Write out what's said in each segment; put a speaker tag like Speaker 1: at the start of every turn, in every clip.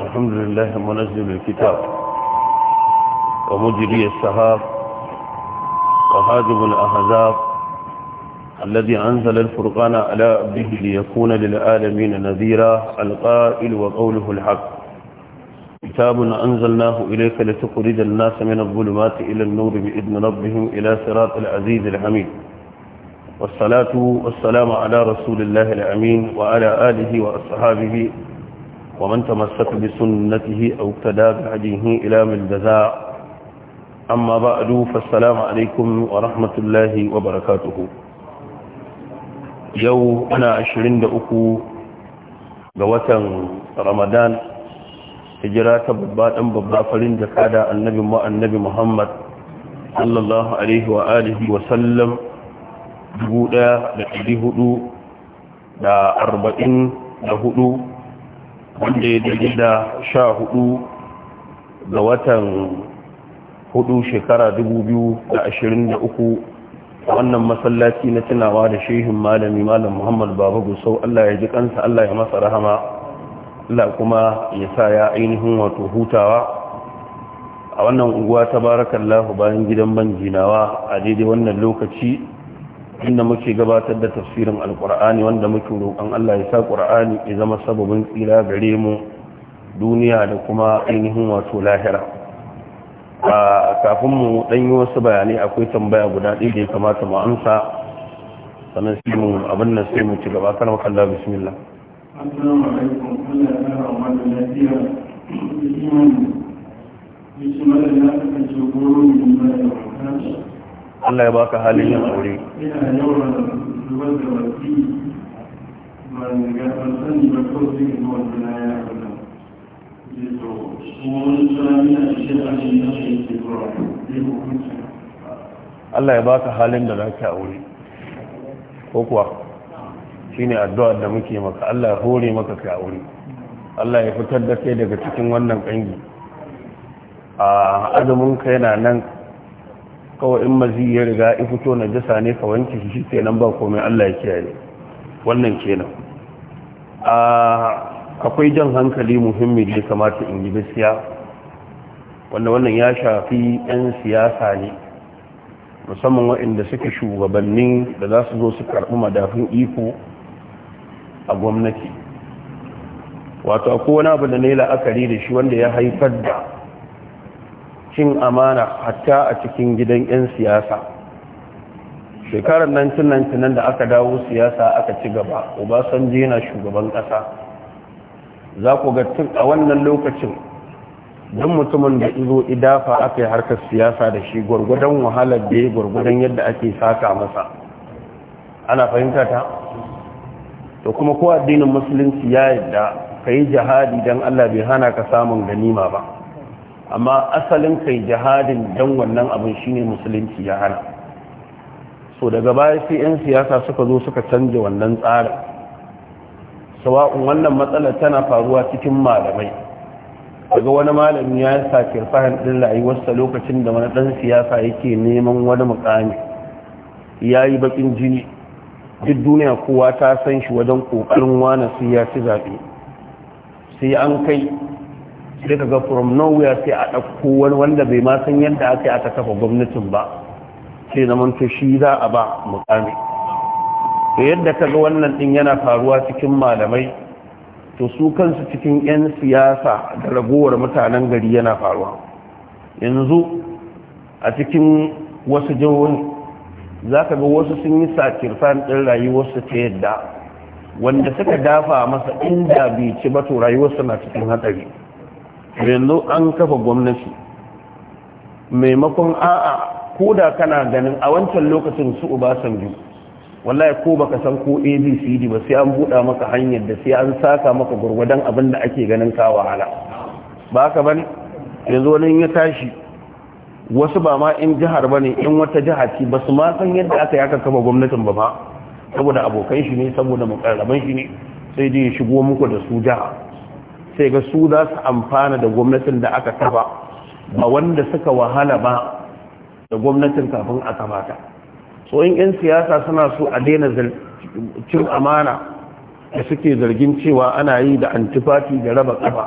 Speaker 1: الحمد لله منزل الكتاب ومجري السهاب وهاجم الأهزاب الذي أنزل الفرقان على عبده ليكون للعالمين نذيرا القائل وقوله الحق كتاب أنزلناه إليك لتخرج الناس من الظلمات إلى النور بإذن ربهم إلى صراط العزيز الحميد والصلاة والسلام على رسول الله الأمين وعلى آله وأصحابه ومن تمسك بسنته أو اقتدى بهديه إلى من الجزاء أما بعد فالسلام عليكم ورحمة الله وبركاته يو أنا عشرين دقو قوتا رمضان هجرات ببات أم ببافلين جكادا النبي ما النبي محمد صلى الله عليه وآله وسلم جبودا لأدي هدو دا أربعين دا هدو wanda ya daidai da sha hudu ga watan hudu shekara uku, wannan masallaci na tunawa da shehin malami malam muhammad baba gusau allah ya ji kansa allah ya masa rahama allah kuma ya sa ya ainihin wato hutawa a wannan unguwa ta barakallahu bayan gidan ban jinawa a daidai wannan lokaci inda muke gabatar da tafsirin alkur'ani wanda muke roƙon Allah ya sa qur'ani ya zama sababin tsira gare mu duniya da kuma ainihin wato lahira a kafin mu dan yi wasu bayanai akwai tambaya guda ɗaya da ya kamata mu amsa sannan sai mu abin nan sai mu ci gaba kana maka Allah bismillah
Speaker 2: assalamu alaikum Allah ya wa da na goro ne
Speaker 1: Allah ya baka halin yin aure Allah ya baka halin da zaka aure ko kuwa shi ne addu'a da muke maka Allah ya hore maka kai aure Allah ya fitar da kai daga cikin wannan ƙangi. a azumin ka yana nan kawai in mazi ya riga in fito na jasa ne ka wanke shi ke nan ba komai Allah ya kiyaye wannan kenan a akwai jan hankali muhimmi da kamata in yi gaskiya wanda wannan ya shafi 'yan siyasa ne musamman waɗanda suke shugabannin da za su zo su karɓi madafin iko a gwamnati wato akwai wani abu da na yi la'akari da shi wanda ya haifar da cin amana hatta a cikin gidan 'yan siyasa shekarar 1999 da aka dawo siyasa aka ci gaba obasanjo yana shugaban ƙasa za ku ga tun a wannan lokacin don mutumin da izo idafa aka yi harkar siyasa da shi gwargwadon wahalar da ya gwargwadon yadda ake saka masa ana fahimta ta to kuma ko addinin musulunci ya yadda ka yi jihadi don allah bai hana ka samun ganima ba amma asalin kai jihadin dan wannan abin shine musulunci ya hana so daga baya sai 'yan siyasa suka zo suka canja wannan tsarin sawa'un wannan matsalar tana faruwa cikin malamai daga wani malami ya sake fahim din rayuwarsa lokacin da wani dan siyasa yake neman wani mukami ya yi bakin jini duk duniya kowa ta san shi wajen kokarin wani sai ya zaɓe sai an kai sai ka ga from nowhere sai a ɗauko wani wanda bai ma san yadda aka aka kafa gwamnatin ba sai zaman to shi za a ba mukami to yadda ka ga wannan ɗin yana faruwa cikin malamai to su kansu cikin 'yan siyasa da ragowar mutanen gari yana faruwa yanzu a cikin wasu jihohi za ka ga wasu sun yi sakirfan ɗin rayuwarsu ta yadda wanda suka dafa masa inda bai ci ba to rayuwarsu na cikin hatsari yanzu an kafa gwamnati maimakon a'a ko da kana ganin a wancan lokacin su biyu wallahi ko baka san ko abcd ba sai an buɗa maka hanyar da sai an saka maka gwargwadon abin da ake ganin ka wahala ba ka bane yanzu wani ya tashi wasu ba ma in jihar bane in wata jiha ce ba su ma san yadda aka yaka kafa gwamnatin ba ba saboda abokan shi ne saboda mukarraban shi ne sai dai shigo muku da su jiha sai ga su za su amfana da gwamnatin da aka kafa ba wanda suka wahala ba da gwamnatin kafin a kamata so in 'yan siyasa suna so a daina cin amana da suke zargin cewa ana yi da antifati da raba kafa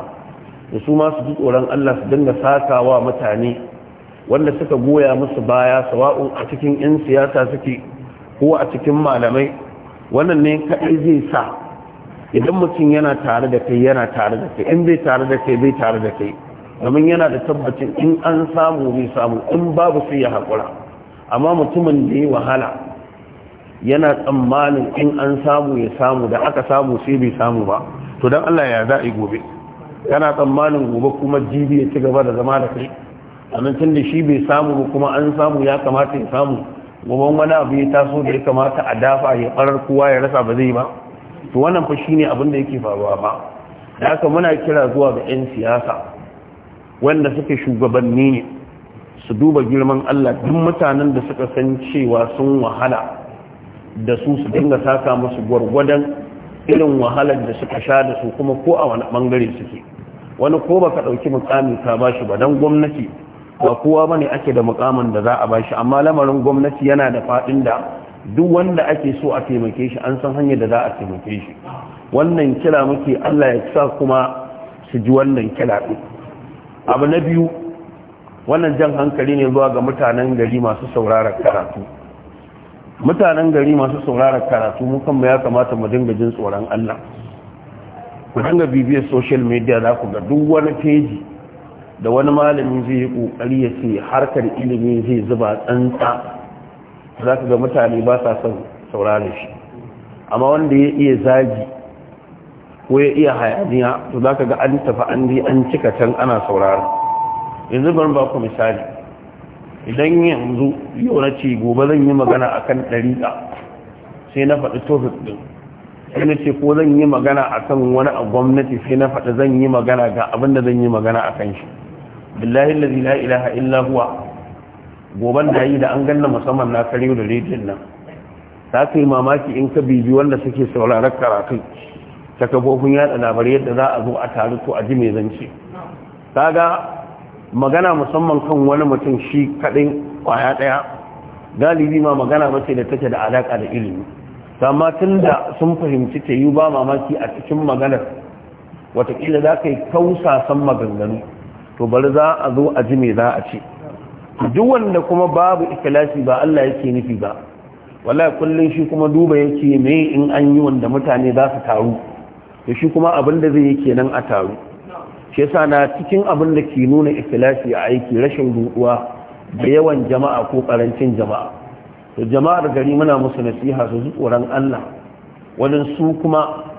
Speaker 1: da su masu ji tsoron allah su dinga sakawa mutane wanda suka goya musu baya sawa'un a cikin 'yan siyasa suke ko a cikin malamai wannan ne kaɗai zai sa idan mutum yana tare da kai yana tare da kai in bai tare da kai bai tare da kai domin yana da tabbacin in an samu bai samu in babu sai ya hakura. amma mutumin da ya wahala yana tsammanin in an samu ya samu da aka samu sai bai samu ba to don allah ya za'i gobe yana tsammanin gobe kuma jibi ya ci gaba da zama da kai a nan tun da shi bai samu ba kuma an samu ya kamata ya samu gobe wani abu ya taso da ya kamata a dafa ya ɓarar kowa ya rasa ba zai ba to wannan fa shine abin da yake faruwa ba da haka muna kira zuwa ga 'yan siyasa wanda suke shugabanni ne su duba girman Allah duk mutanen da suka san cewa sun wahala da su su dinga saka musu gwargwadon irin wahalar da suka sha da su kuma ko a wani bangare suke wani ko baka dauki mukami ka bashi ba dan gwamnati ba kowa bane ake da mukamin da za a bashi amma lamarin gwamnati yana da fadin da duk wanda ake so a taimake shi an san hanyar da za a taimake shi wannan kira muke Allah ya sa kuma su ji wannan kira abu na biyu wannan jan hankali ne zuwa ga mutanen gari masu saurara karatu mutanen gari masu sauraron karatu mu kanmu ya kamata mu dinga jin tsoron Allah ku dinga bibiyar social media za ku ga duk wani feji da wani malamin zai yi kokari ya ce harkar ilimi zai zuba tsantsa za ka ga mutane ba sa son saurari shi amma wanda ya iya zagi ko ya iya hayaniya to za ka ga an tafi an bi an cika can ana saurari. yanzu bari ba ku misali idan yanzu yau na ce gobe zan yi magana akan ɗariƙa sai na faɗi tofik ɗin sai na ce ko zan yi magana akan wani a gwamnati sai na faɗi zan yi magana ga abin da zan yi magana a kan shi billahi la ilaha illa huwa goban da yi da an ganna musamman na kariyo da rediyon nan za ka yi mamaki in ka bibi wanda suke sauraron karatu ta kafofin yada labarai yadda za a zo a taru ko a ji mai zance kaga magana musamman kan wani mutum shi kaɗai kwaya ɗaya galibi ma magana mace da take da alaƙa da ilimi amma tun da sun fahimci ta yi ba mamaki a cikin maganar wataƙila za ka yi kausasan maganganu to bari za a zo a ji mai za a ce duk wanda kuma babu ikhlasi ba Allah yake nufi ba wallahi kullun shi kuma duba yake me in an yi wanda mutane za su taru to shi kuma abin da zai yi kenan a taru shi yasa na cikin abin da ke nuna ikhlasi a aiki rashin ruduwa da yawan jama'a ko karancin jama'a to jama'ar gari muna musu nasiha su ji tsoron Allah wajen su kuma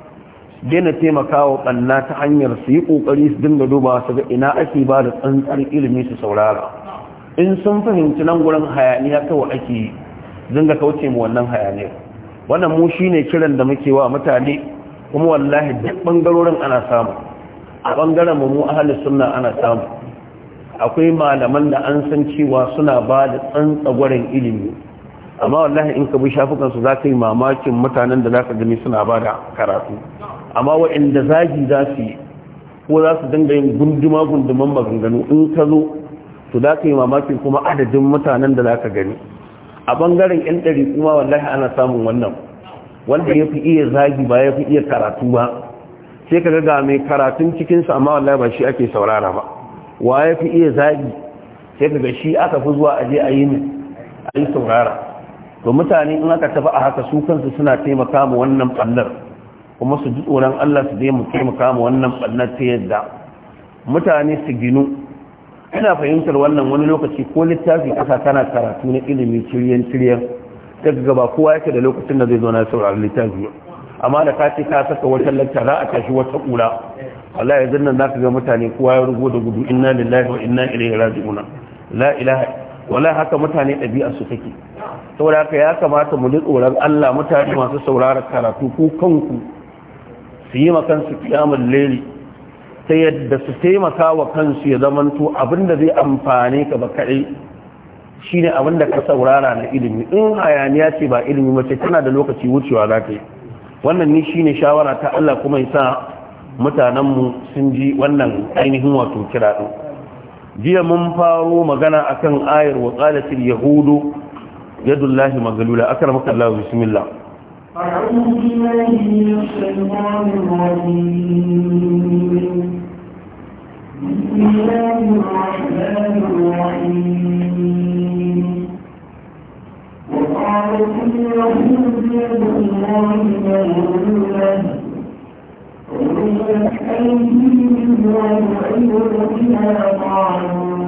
Speaker 1: daina taimakawa kanna ta hanyar su yi ƙoƙari su dinga dubawa su ga ina ake ba da tsantsar ilimi su saurara in sun fahimci nan gurin hayaniya kawai ake yi dinga kauce mu wannan hayaniyar wannan mu shi ne kiran da muke wa mutane kuma wallahi duk bangarorin ana samu a bangaren mu mu ahli sunna ana samu akwai malaman da an san cewa suna ba da tsantsa tsantsagwaren ilimi amma wallahi in ka bi shafukan su zaka yi mamakin mutanen da zaka gani suna ba da karatu amma waɗanda zagi za su yi ko za su dinga yin gunduma gunduman maganganu in ka zo to za ka yi mamakin kuma adadin mutanen da za ka gani a bangaren yan ɗari kuma wallahi ana samun wannan wanda ya fi iya zagi ba ya fi iya karatu ba sai ka ga mai karatun cikinsa amma wallahi ba shi ake saurara ba wa ya fi iya zagi sai ka ga shi aka fi zuwa aje a yi a yi saurara to mutane in aka tafi a haka su kansu suna taimaka ma wannan ɓallar kuma su ji tsoron allah su dai mu taimaka ma wannan ɓallar ta yadda mutane su ginu ina fahimtar wannan wani lokaci ko littafi kasa tana karatu na ilimi ciryen ciryen daga gaba kowa yake da lokacin da zai zo na saurari littafi amma da kace ka saka wata lacca za a tashi wata kura Allah ya zanna za ka ga mutane kowa ya rugo da gudu inna lillahi wa inna ilaihi raji'un la ilaha wala haka mutane ɗabi'a su take saboda haka ya kamata mu ji tsoron Allah mutane masu saurara karatu ko kanku su yi su kiyamul laili ta yadda su taimaka wa kansu ya zamanto abinda zai amfani ka ba kaɗai ne abinda ka saurara na ilimi in hayaniya ce ba ilimi mace tana da lokaci wucewa za ka yi wannan ni shi ne shawara ta Allah kuma ya sa mutanenmu sun ji wannan ainihin wato kira ɗin jiya mun faro magana akan ayar wa tsalatin yahudu yadullahi magalula akar Allah bismillah
Speaker 3: أعوذ بالله من الشيطان الرجيم
Speaker 1: بسم الله الرحمن
Speaker 3: الرحيم وقالت اليهود يد الله مغلولة غلت أيديهم وأيديها طعنوا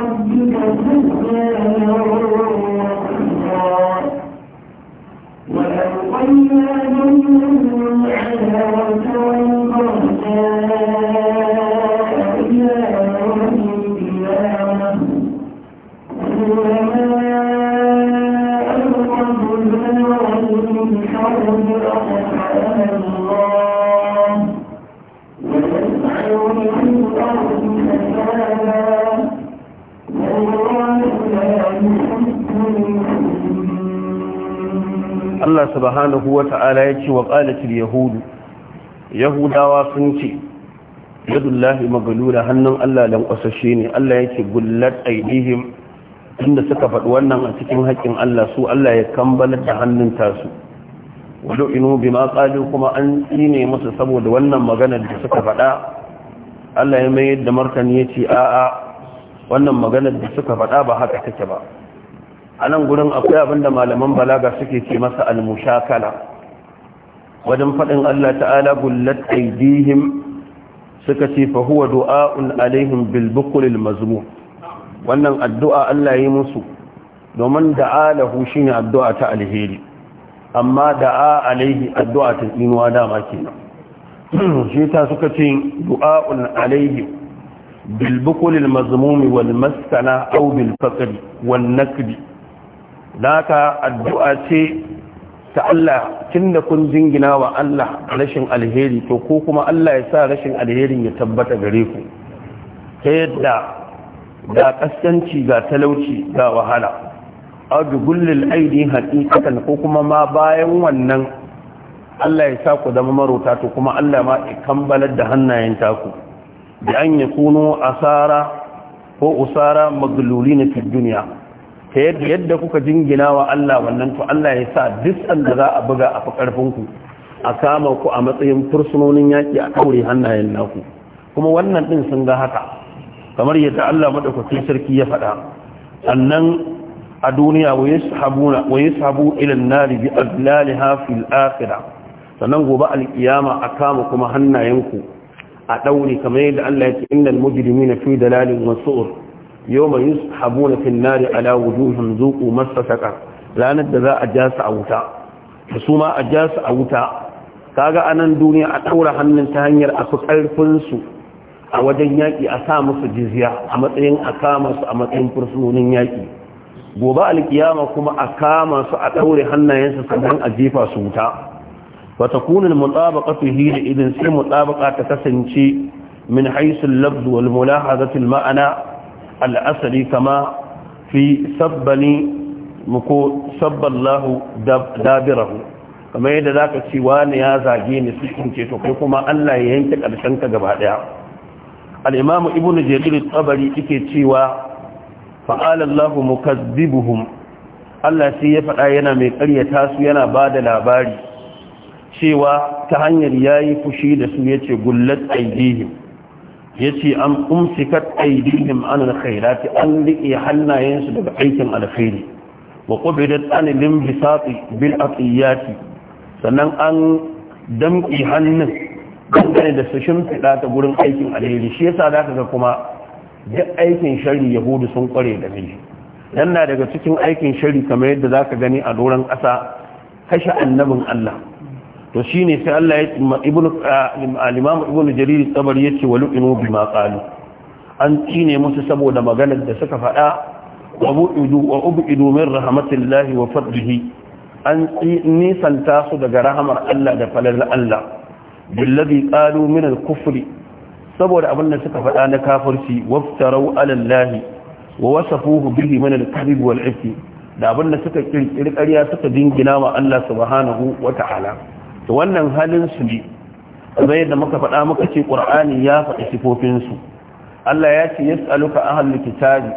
Speaker 1: subhanahu wa wataala ya ce wa qalatil yahudu yahudawa sun ce yadullahi magalula hannun Allah kwasashe ne Allah yake gullat aidihim inda suka faɗi wannan a cikin haƙƙin Allah su Allah ya kambalar da hannun tasu wato inu bi ma qalu kuma an tsine musu saboda wannan magana da suka faɗa Allah ya mai da martani yace a'a wannan magana da suka faɗa ba haka take ba a nan gudun, akwai abinda malaman balaga suke ce masa almushakala wajen faɗin Allah ta'ala gullat aidihim suka ce fa huwa du'a'un alaihim bil bukulil mazmum wannan addu'a Allah yi musu domin da'a da'alahu shine addu'a ta alheri amma da'a alaihi addu'a ta inuwa dama kenan shi ta suka ce du'a'un alaihi bilbukulil mazmumi wal maskana aw bil faqri wan nakdi naka addu'a ce ta Allah tunda kun jingina wa Allah rashin alheri to ko kuma Allah ya sa rashin alherin ya tabbata gare ku ta yadda ga kaskanci ga talauci ga wahala adugullil haɗi haqiqatan ko kuma ma bayan wannan Allah ya sa ku zama marota to kuma Allah ma ya kambalar da hannayen taku Da an a asara ko usara na fi duniya ta yadda kuka jingina wa Allah wannan to Allah ya sa duk da za a buga a fi ku. a kama ku a matsayin fursunonin yaƙi a kaure hannayen naku kuma wannan ɗin sun ga haka kamar yadda Allah maɗaukakin sarki ya faɗa sannan a duniya wa yashabuna wa ilin ila an-nari bi adlaliha al akhirah sannan gobe alƙiyama a kama kuma hannayen ku a ɗaure kamar yadda Allah ya ce innal mujrimina fi dalalin wasu'ur yawma habuna fil nari ala wujuhihim zuqu massa saqar ranar da za a ja su a wuta da su ma a ja su a wuta kaga anan duniya a ɗaura hannun ta hanyar a fi karfin su a wajen yaƙi a sa musu jizya a matsayin a kama su a matsayin fursunonin yaƙi gobe alkiyama kuma a kama su a ɗaure hannayensu sannan a jefa su wuta wata kunin mutabaka fi hira idan sai mutabaka ta kasance min haisun labzu wal mulahazatul ma'ana al'asari kama fi sabbani muku sabballahu dabirahu kamar yadda za ka wani ya zage ni cikin ceto kuma allah ya yanke ƙarshen ka gaba ɗaya al'imamu ibn jarir tsabari ike cewa fa'alallahu mukazzibuhum allah sai ya faɗa yana mai ƙaryata su yana ba da labari cewa ta hanyar ya yi fushi da su ya ce gullat aidihim yace an umsikat aydihim an alkhairati an liqi hannayensu daga aikin alkhairi wa qubidat an bisati bil atiyati sannan an damki hannun dangane da su shimfiɗa ta gurin aikin alheri shi yasa za ka ga kuma duk aikin shari yahudu sun kware da mai dan daga cikin aikin shari kamar yadda za ka gani a doron ƙasa kashe annabin allah to shine sai Allah ya ibnu al-imam ibnu jarir ya ce wali inu bima qalu an ne musu saboda maganar da suka faɗa wa bu'idu idomin ub'idu min wa fadlihi an nisanta su daga rahamar Allah da falalar Allah billazi qalu min al-kufri saboda abin da suka faɗa na kafarci waftarau alallahi wa wasafuhu bihi min al-kadhib wal da abin da suka kirkiri ƙarya suka dingina wa Allah subhanahu wa ta'ala to wannan halin su ne zai yadda muka faɗa muka ce ƙur'ani ya faɗi sifofinsu Allah ya ce yas'aluka ahlul kitabi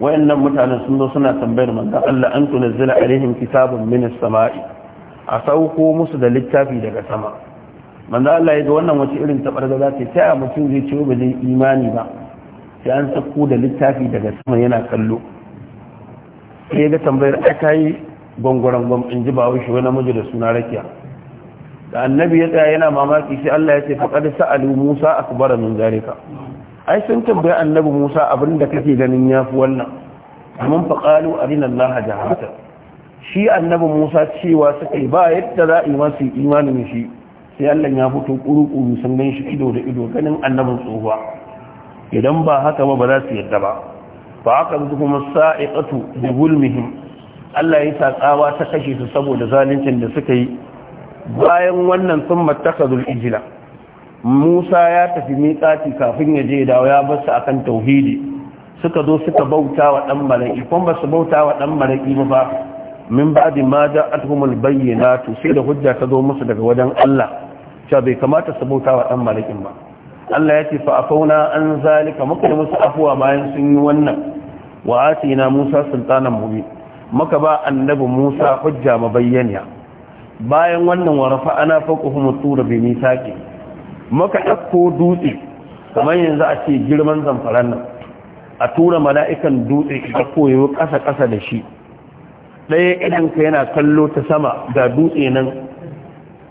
Speaker 1: wayannan mutanen sun zo suna tambayar manzon Allah an tunzila alaihim kitabun min as-sama'i a sauko musu da littafi daga sama manzon Allah ya ga wannan wace irin da za ta yi taya mutum zai ce ba zai imani ba sai an sako da littafi daga sama yana kallo sai ga tambayar aka yi gwangwaran gwam in ji ba wani namiji da suna rakiya da annabi ya tsaya yana mamaki sai Allah ya ce faqad sa'alu Musa akbara min zalika ai sun tambaye annabi Musa abinda kake ganin yafi wannan amma faqalu arina Allah jahata shi annabi Musa cewa suka ba yadda za a yi masa imanin shi sai Allah ya fito kuru-kuru sun gan shi ido da ido ganin annabin tsohuwa idan ba haka ba ba za su yadda ba fa haka kuma sa'iqatu bi zulmihim Allah ya sa tsawa ta kashe su saboda zaluncin da suka yi bayan wannan sun matakazul ijila musa ya tafi miƙati kafin ya je dawo ya basu akan tauhidi suka zo suka bauta wa ɗan malaki kuma ba su bauta wa ɗan malaki ba min ba ma da atumul bayyana to sai da hujja ta zo musu daga wajen allah cewa bai kamata su bauta wa ɗan malakin ba allah ya ce fa afauna an zalika muka musu afuwa bayan sun yi wannan wa atina musa sultanan mubi muka ba annabi musa hujja mabayyaniya bayan wannan warafa ana kuma tura bai ke. maka ɗakko dutse kamar yanzu a ce girman zamfaran nan a tura mala'ikan dutse ka koyo ƙasa-ƙasa da shi ɗaya idanka yana kallo ta sama ga dutse nan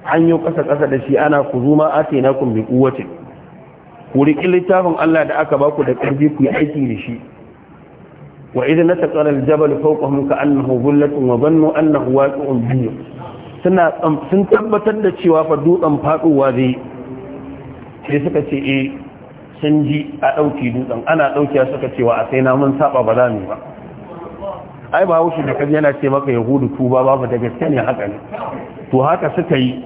Speaker 1: hanyo ƙasa-ƙasa da shi ana kuzuma zuma ce na ku bi kuwace ku riƙi littafin Allah da aka baku da ƙarfi ku yi aiki da shi wa idan na taƙarar jabal fauƙahun ka annahu wa bannu annahu waƙi'un biyu sun tabbatar da cewa fa dutsen faɗowa zai sai suka ce e sun ji a ɗauki dutsen ana ɗauki suka cewa a sai namun saba ba za mu ba ai ba wuce da kaji yana ce maka yahudu tuba babu da gaske ne haka ne to haka suka yi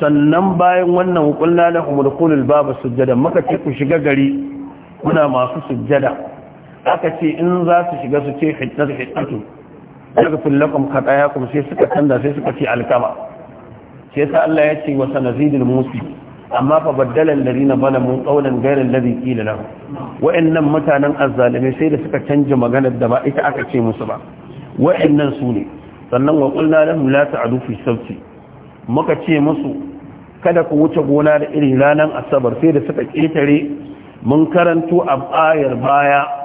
Speaker 1: sannan bayan wannan la da umurkulul babu sujjada maka ce ku shiga gari muna masu sujjada aka ce in za su shiga su ce hiddatu hiddatu yaghfir lakum khatayakum sai suka canza sai suka ce alkama sai sa Allah ya ce wasa sanazidul musi amma fa baddala bana zalamu qawlan gairan lari kila na wa'annan mutanen azzalime sai da suka canja maganar da ba ita aka ce musu ba wa'annan su ne sannan wa qulna lahum la ta'du fi muka ce musu kada ku wuce gona da irin ranar asabar sai da suka ƙetare mun karanto a bayar baya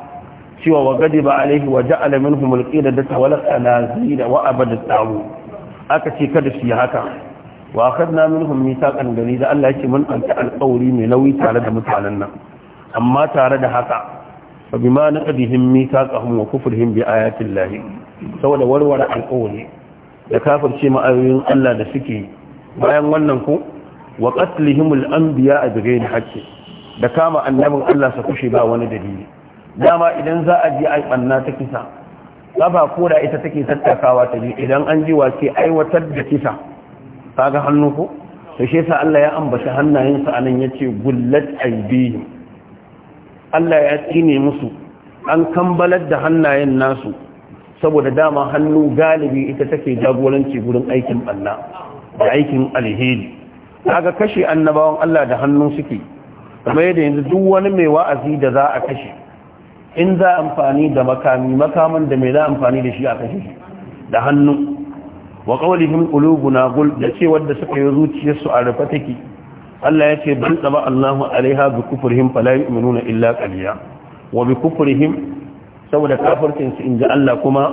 Speaker 1: cewa wa gadi ba alaihi wa ja'ala minhum alqila da tawalla da wa abada taru aka ce kada su haka wa akhadna minhum mithaqan gari da Allah yake mun anta alqawli mai nauyi tare da mutanen nan amma tare da haka fa bima naqdihim mithaqahum wa kufrihim bi ayati lahi, saboda warware alqawli da kafirce ma ayoyin Allah da suke bayan wannan ku wa qatlihim al-anbiya bi ghairi haqqi da kama annabin Allah sa kushe ba wani dalili dama idan za a ji a banna ta kisa ko koda ita take tattakawa ta ji idan an ji wace aiwatar da kisa kaga hannu ko to shi yasa Allah ya ambaci hannayensa anan ce gullat aibihim Allah ya tsine musu an kambalar da hannayen nasu saboda dama hannu galibi ita take jagoranci gurin aikin banna da aikin alheri kaga kashe annabawan Allah da hannu suke kuma yadda yanzu duk wani mai wa'azi da za a kashe in za amfani da makami makaman da mai za amfani da shi a kashe da hannu wa qawlihim qulubuna gul da ce wanda suka yi zuciyarsu a rufe take Allah yace, ban tsaba Allahu alaiha bi kufrihim fala yu'minuna illa karya. wa bi kufrihim saboda kafircin su inda Allah kuma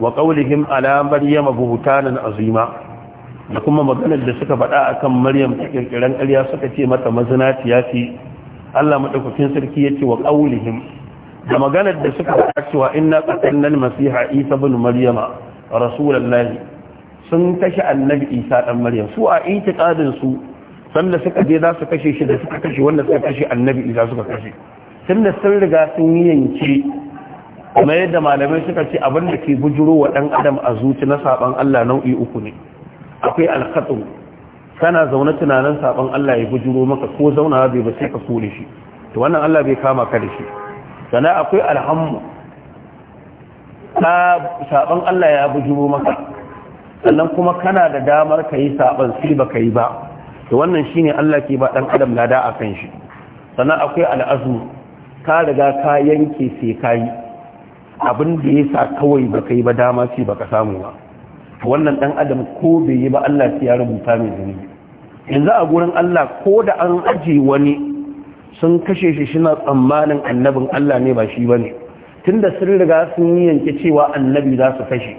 Speaker 1: wa qawlihim ala da buhtanan azima da kuma maganar da suka faɗa akan maryam ta kirkiran ƙarya suka ce mata mazinaciya ce Allah madaukakin sarki yace wa qawlihim da maganar da suka faɗa cewa inna qatalnal masiha isa ibn maryama rasulullahi sun kashe annabi isa dan maryam su a itiqadin su sanda suka je za su kashe shi da suka kashe wanda suka kashe annabi isa suka kashe tunda sun riga sun yanke kuma yadda malamai suka ce abin da ke bujuro wa dan adam a zuci na saban Allah nau'i uku ne akwai alkhatu kana zaune tunanin saban Allah ya bujuro maka ko zauna bai ba sai ka so shi to wannan Allah bai kama ka da shi sana akwai alhammu saɓon Allah ya bujuro maka sannan kuma kana da damar ka yi saɓon sai ba ka yi ba to wannan shi Allah ke ba ɗan adam lada a kan shi sannan akwai al'azu ka riga ka yanke sai ka yi abin da ya sa kawai ba ka yi ba dama ce ba ka samu ba wannan ɗan adam ko bai yi ba Allah ya rubuta mai zuni yanzu a gurin Allah ko da an aje wani sun kashe shi suna tsammanin annabin Allah ne ba shi ba ne Tunda sun riga sun yi yanke cewa annabi za su kashe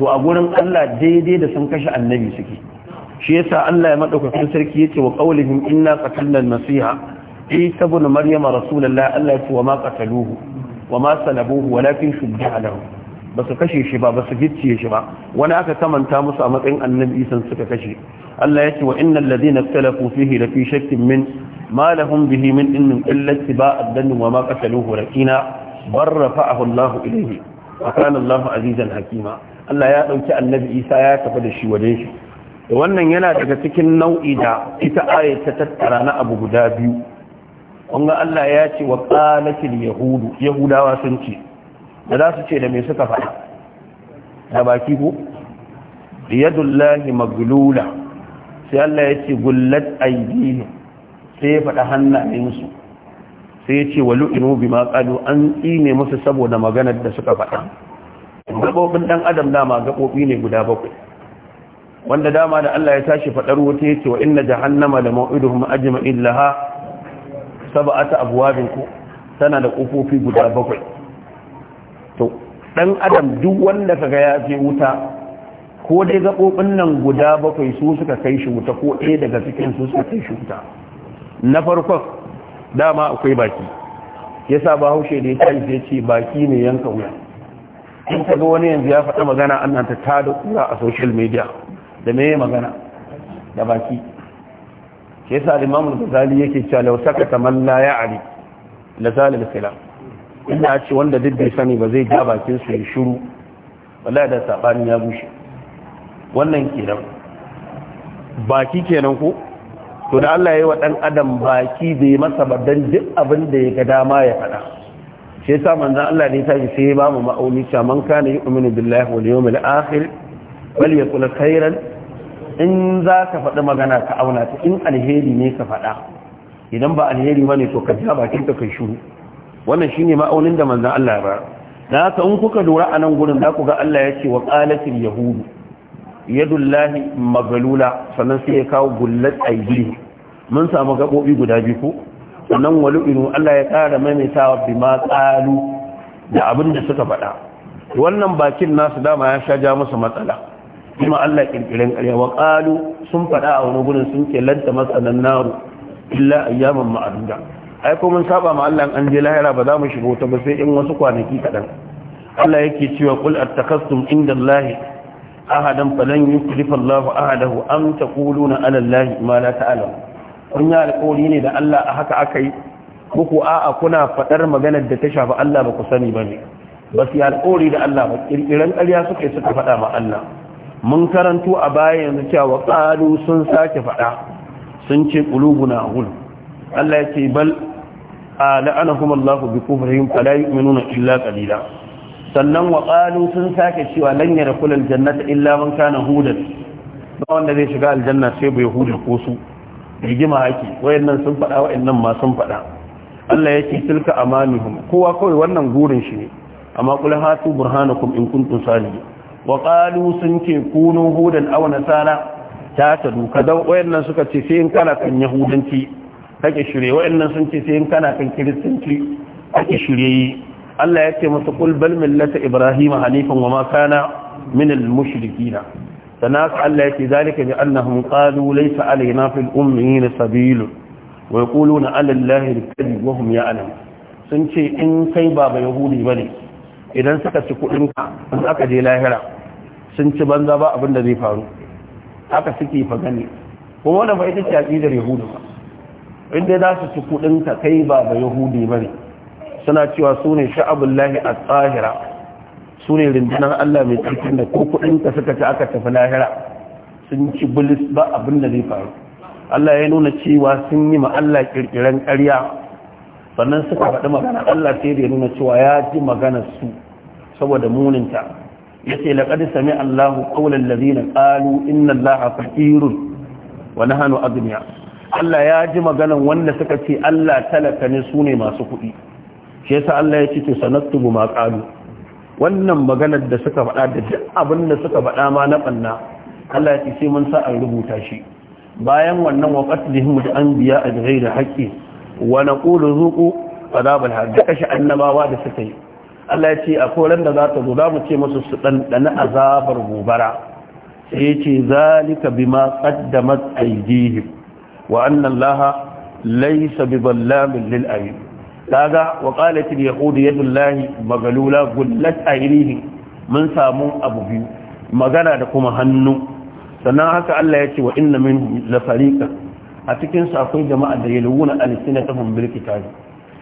Speaker 1: to a gurin Allah daidai da sun kashe annabi suke shi yasa Allah ya madaukakin sarki yace wa qawlihim inna qatalna nasiha. masiha isa ibn maryam rasulullah Allah ya ce wa ma qataluhu wa ma salabuhu walakin shubbiha lahu su kashe shi ba basu gicciye shi ba wani aka kamanta musu a matsayin annabi isan suka kashe Allah ya ce wa innal ladina ikhtalafu fihi la fi shakkin min ma lahum bihi min in illa ittiba'ad dan wa ma qataluhu rakina bar rafa'ahu Allah ilayhi wa kana Allah azizan hakima Allah ya dauki annabi Isa ya tafi da shi wajen shi da wannan yana daga cikin nau'i da ita aya ta tattara na abu guda biyu wanga Allah ya ce wa qalatil yahudu yahudawa sun ce da za su ce da me suka faɗa da baki ko liyadullahi maglula sai Allah ya ce gullat ne sai ya faɗa hannayensu sai ya ce walu inu bi ma an tsine musu saboda maganar da suka faɗa gabobin ɗan adam dama gabobi ne guda bakwai wanda dama da Allah ya tashi faɗar wuta ya ce wa inna jahannama da maw'iduhum ajma'in laha sab'ata abuwabin ku tana da ƙofofi guda bakwai to ɗan adam duk wanda ka ga ya je wuta ko dai gaɓoɓin nan guda bakwai su suka kai shi wuta ko ɗaya daga cikin su suka kai shi wuta na farkon dama akwai baki yasa ba haushe da ya kai ce baki ne yanka wuya in ka ga wani yanzu ya faɗa magana annan ta tada kura a social media da me magana da baki yasa imam al-ghazali yake cewa law sakata man la ya'ri la zalil khilaf ina ce wanda duk bai sani ba zai ja bakin su ya shiru wallahi da sabani ya bushe wannan kenan baki kenan ko to da Allah ya yi wa dan adam baki bai masa badan duk abin da ya ga dama ya faɗa shi yasa manzon Allah ne tashi sai ya ba mu ma'auni cha man kana yu'minu billahi wal yawmil akhir bal yaqul khairan in za ka faɗi magana ka auna ta in alheri ne ka faɗa idan ba alheri bane to ka ja bakin ka kai shiru wannan shine ma'aunin da manzon Allah ya ba da haka in kuka lura a nan gurin za ku ga Allah ya ce wa qalatil yahudu yadullahi magalula sannan sai ya kawo gullat aigiri. mun samu gaɓoɓi guda biyu ko sannan wal'inu Allah ya ƙara maimaitawa bi ma ƙalu da abin da suka faɗa wannan bakin nasu dama ya sha ja masa matsala kuma Allah kirkiren ƙarya wa ƙalu sun faɗa a wani gurin sun ke lanta matsanan naru illa ayyaman ma'aduda ai ko mun saba ma Allah an je lahira ba za mu shiga wata ba sai in wasu kwanaki kaɗan Allah yake cewa qul attakastum inda Allah ahadan falan yuklifa Allah ahadahu am taquluna ala Allah ma la ta'lamu kun ya alƙawari ne da Allah a haka akai muku a'a kuna faɗar maganar da ta shafi Allah ba ku sani bane ba su alƙawari da Allah ba kirkiran karya suka suka faɗa ma Allah mun karanto a baya yanzu cewa qalu sun sake faɗa sun ce qulubuna hul Allah ya ce bal la'anahum Allah bi kufrihim fala yu'minuna illa qalila sannan wa qalu sun sake cewa lan yarkul aljannata illa man kana hudan ba wanda zai shiga aljanna sai bai hudu ko su rigima haki wayannan sun faɗa wayannan ma sun faɗa Allah yake tilka amanihum kowa kawai wannan gurin shi ne amma kula hatu burhanakum in kuntum salihin wa qalu sun ce kunu hudan aw nasara ta ta duka dan wayannan suka ce sai in kana kan yahudanci kake shirye wayannan sun ce sai in kana kan kristanci kake shirye Allah ya ce musu kul bal millata ibrahim hanifan wa ma kana min al mushrikin sanas Allah ya ce zalika bi annahum qalu laysa alaina fil ummiyin sabil wa yaquluna ala allahi al-kadhib wa hum ya'lamun sun ce in kai baba yahudi bane idan suka ci kudin ka in aka je lahira sun ci banza ba abin da zai faru haka suke fa gani kuma wannan ba ita ce aqidar yahudi ba inda za su ci kudin ka kai baba yahudi bane suna cewa su ne sha'abullahi a tsahira su ne rindunar Allah mai cikin da ko kuɗinka suka ci aka tafi lahira sun ci bulis ba abin da zai faru Allah ya nuna cewa sun yi ma Allah kirkiran ƙarya sannan suka faɗi magana Allah sai da ya nuna cewa ya ji maganar su saboda muninta ya ce laƙadi sami Allah ƙaunar na ƙalu inna Allah fakirun wani hannu agniya Allah ya ji maganan wanda suka ce Allah talaka ne su ne masu kuɗi shi yasa Allah ya ce to sanaktubu ma qalu wannan maganar da suka faɗa da duk abin da suka faɗa ma na banna Allah ya ce sai mun sa an rubuta shi bayan wannan wa qatlihim da anbiya a ghairi haqqi wa naqulu zuqu adabal har da kashi annabawa da suka yi Allah ya ce akwai ran da za ta zo za mu ce musu su ɗanɗana azabar gobara sai ya ce zalika bima qaddamat aydihim wa anna allaha laysa biballamin lil ayyib kaga wa qalat al yahud yadullahi magalula gullat ayrihi mun samu abu biyu magana da kuma hannu sannan haka Allah ya ce wa inna minhum la fariqa a cikin akwai jama'a da yalwuna alsinatahum bil kitab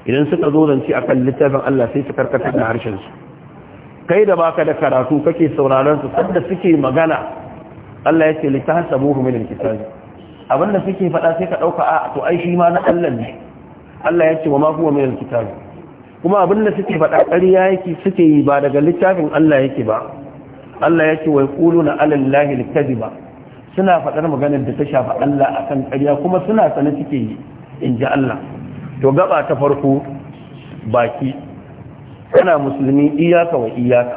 Speaker 1: idan suka zo zance akan littafin Allah sai su karkata da harshen su kai da baka da karatu kake sauraron su sanda suke magana Allah ya ce litahsabuhu min al kitab abinda suke faɗa sai ka dauka a to ai shi ma na Allah ne Allah ya ce wa ma huwa kuma abinda da suke faɗa ƙarya yake suke yi ba daga littafin Allah yake ba Allah ya ce wa na ala littafi ba, suna faɗar maganar da ta shafa Allah akan ƙarya kuma suna sana suke yi in ji Allah to gaba ta farko baki kana musulmi iyaka wa iyaka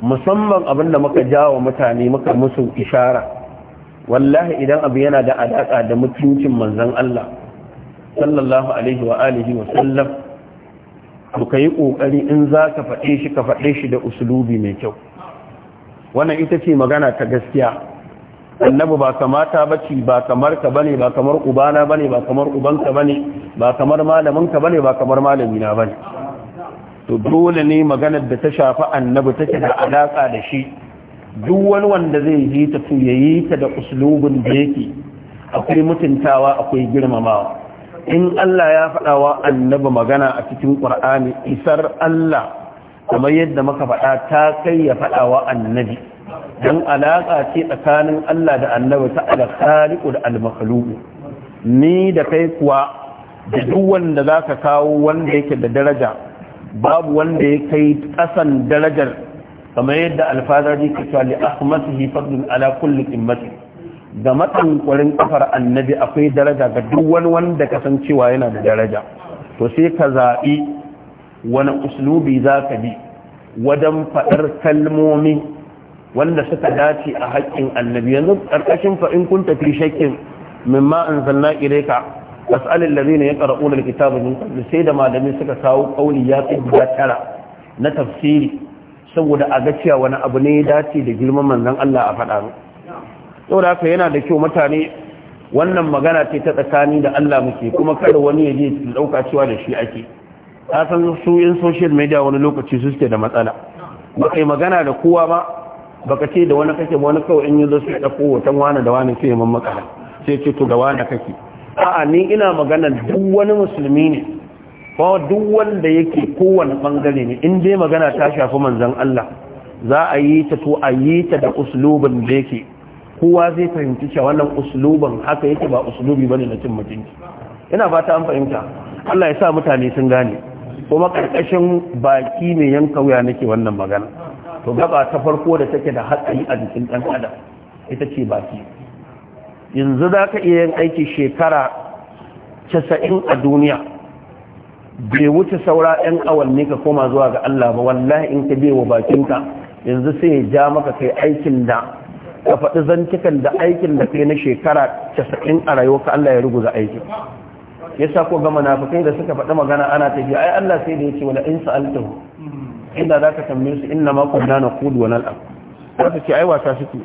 Speaker 1: musamman abin da muka jawo mutane muka musu ishara wallahi idan abu yana da alaƙa da mutuncin manzon Allah sallallahu alaihi wa alihi wa sallam ku kai yi ƙoƙari in za ka faɗe shi ka faɗe shi da uslubi mai kyau wannan ita ce magana ta gaskiya annabi ba kamata bace ba kamar ka bane ba kamar ubana bane ba kamar ubanka bane ba kamar malaminka bane ba kamar malamina bane to dole ne maganar da ta shafi annabi take da alaka da shi duk wani wanda zai yi ta to ta da uslubin da yake akwai mutuntawa akwai girmamawa in Allah ya faɗawa annaba magana a cikin ƙwar'ani isar Allah kamar yadda maka faɗa ta kai ya faɗawa annabi don alaƙa ce tsakanin Allah da annaba ta alkhaliku da almakaluku ni da kai kuwa da duk wanda za ka kawo wanda yake da daraja babu wanda ya kai ƙasan darajar kamar yadda alfazar ke cewa li ahmatihi fadlun ala kulli qimmati da matsankurin kafar annabi akwai daraja ga duk wani wanda kasancewa yana da daraja to sai ka zaɓi wani uslubi za ka bi wajen faɗar kalmomi wanda suka dace a haƙƙin annabi yanzu ƙarƙashin fa'in kun tafi shakkin mimma an zanna ireka as'alin lari ne ya ƙara'u da kitabun min sai da malami suka kawo ƙauli ya fi guda tara na tafsiri saboda a ga cewa wani abu ne ya dace da girman manzan Allah a faɗa saboda haka yana da kyau mutane wannan magana ce ta tsakani da Allah muke kuma kada wani ya je dauka cewa da shi ake ka san su in social media wani lokaci su suke da matsala ba kai magana da kowa ba baka ce da wani kake wani kawai in yi zo su da kowace wani da wani sai mun makala sai ce to da wani kake a'a ni ina magana duk wani musulmi ne ko duk wanda yake kowane bangare ne in dai magana ta shafi manzon Allah za a yi ta to a yi ta da uslubin da yake kowa zai fahimci cewa wannan usluban haka yake ba uslubi bane na cin mutunci ina fata an fahimta Allah ya sa mutane sun gane kuma karkashin baki ne yanka wuya nake wannan magana to gaba ta farko da take da hatsari a jikin dan adam ita ce baki yanzu za ka iya yin aiki shekara casa'in a duniya bai wuce saura 'yan awanni ka koma zuwa ga Allah ba wallahi in ka bai bakinka yanzu sai ya ja maka kai aikin da ka faɗi zantukan da aikin da kai na shekara 90 a rayuwa ka Allah ya ruguza aikin yasa ko ga munafikai da suka faɗi magana ana tafi ai Allah sai da yake wala in sa'altahu inda zaka tambaye su inna ma kunna naqulu wa nal'am wato ce ai wasa suke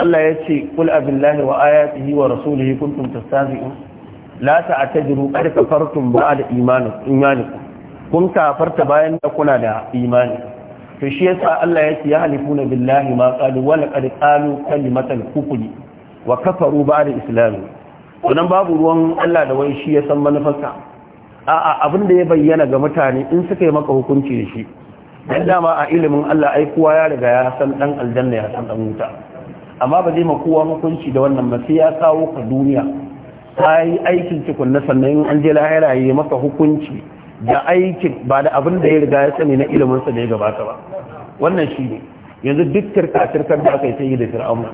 Speaker 1: Allah ya ce kul abillahi wa ayatihi wa rasulihi kuntum tastazi'un la ta'tajiru qad kafartum ba'da imanikum kun kafarta bayan da kuna da imani to shi yasa Allah ya ce ya halifuna billahi ma qalu wa laqad qalu kalimatal kufri wa kafaru ba'da islami to nan babu ruwan Allah da wai shi ya san manufarsa a'a abin da ya bayyana ga mutane in suka yi maka hukunci da shi dan dama a ilimin Allah ai kowa ya riga ya san dan aljanna ya san dan wuta amma ba zai ma kowa hukunci da wannan ba sai ya kawo ka duniya sai aikin tukun na sannan an je lahira yi maka hukunci da aikin ba da abin da ya riga ya sani na ilimin sa da ya gabata ba wannan shi ne yanzu duk tirka-tirkar da aka yi ta yi da fir'auna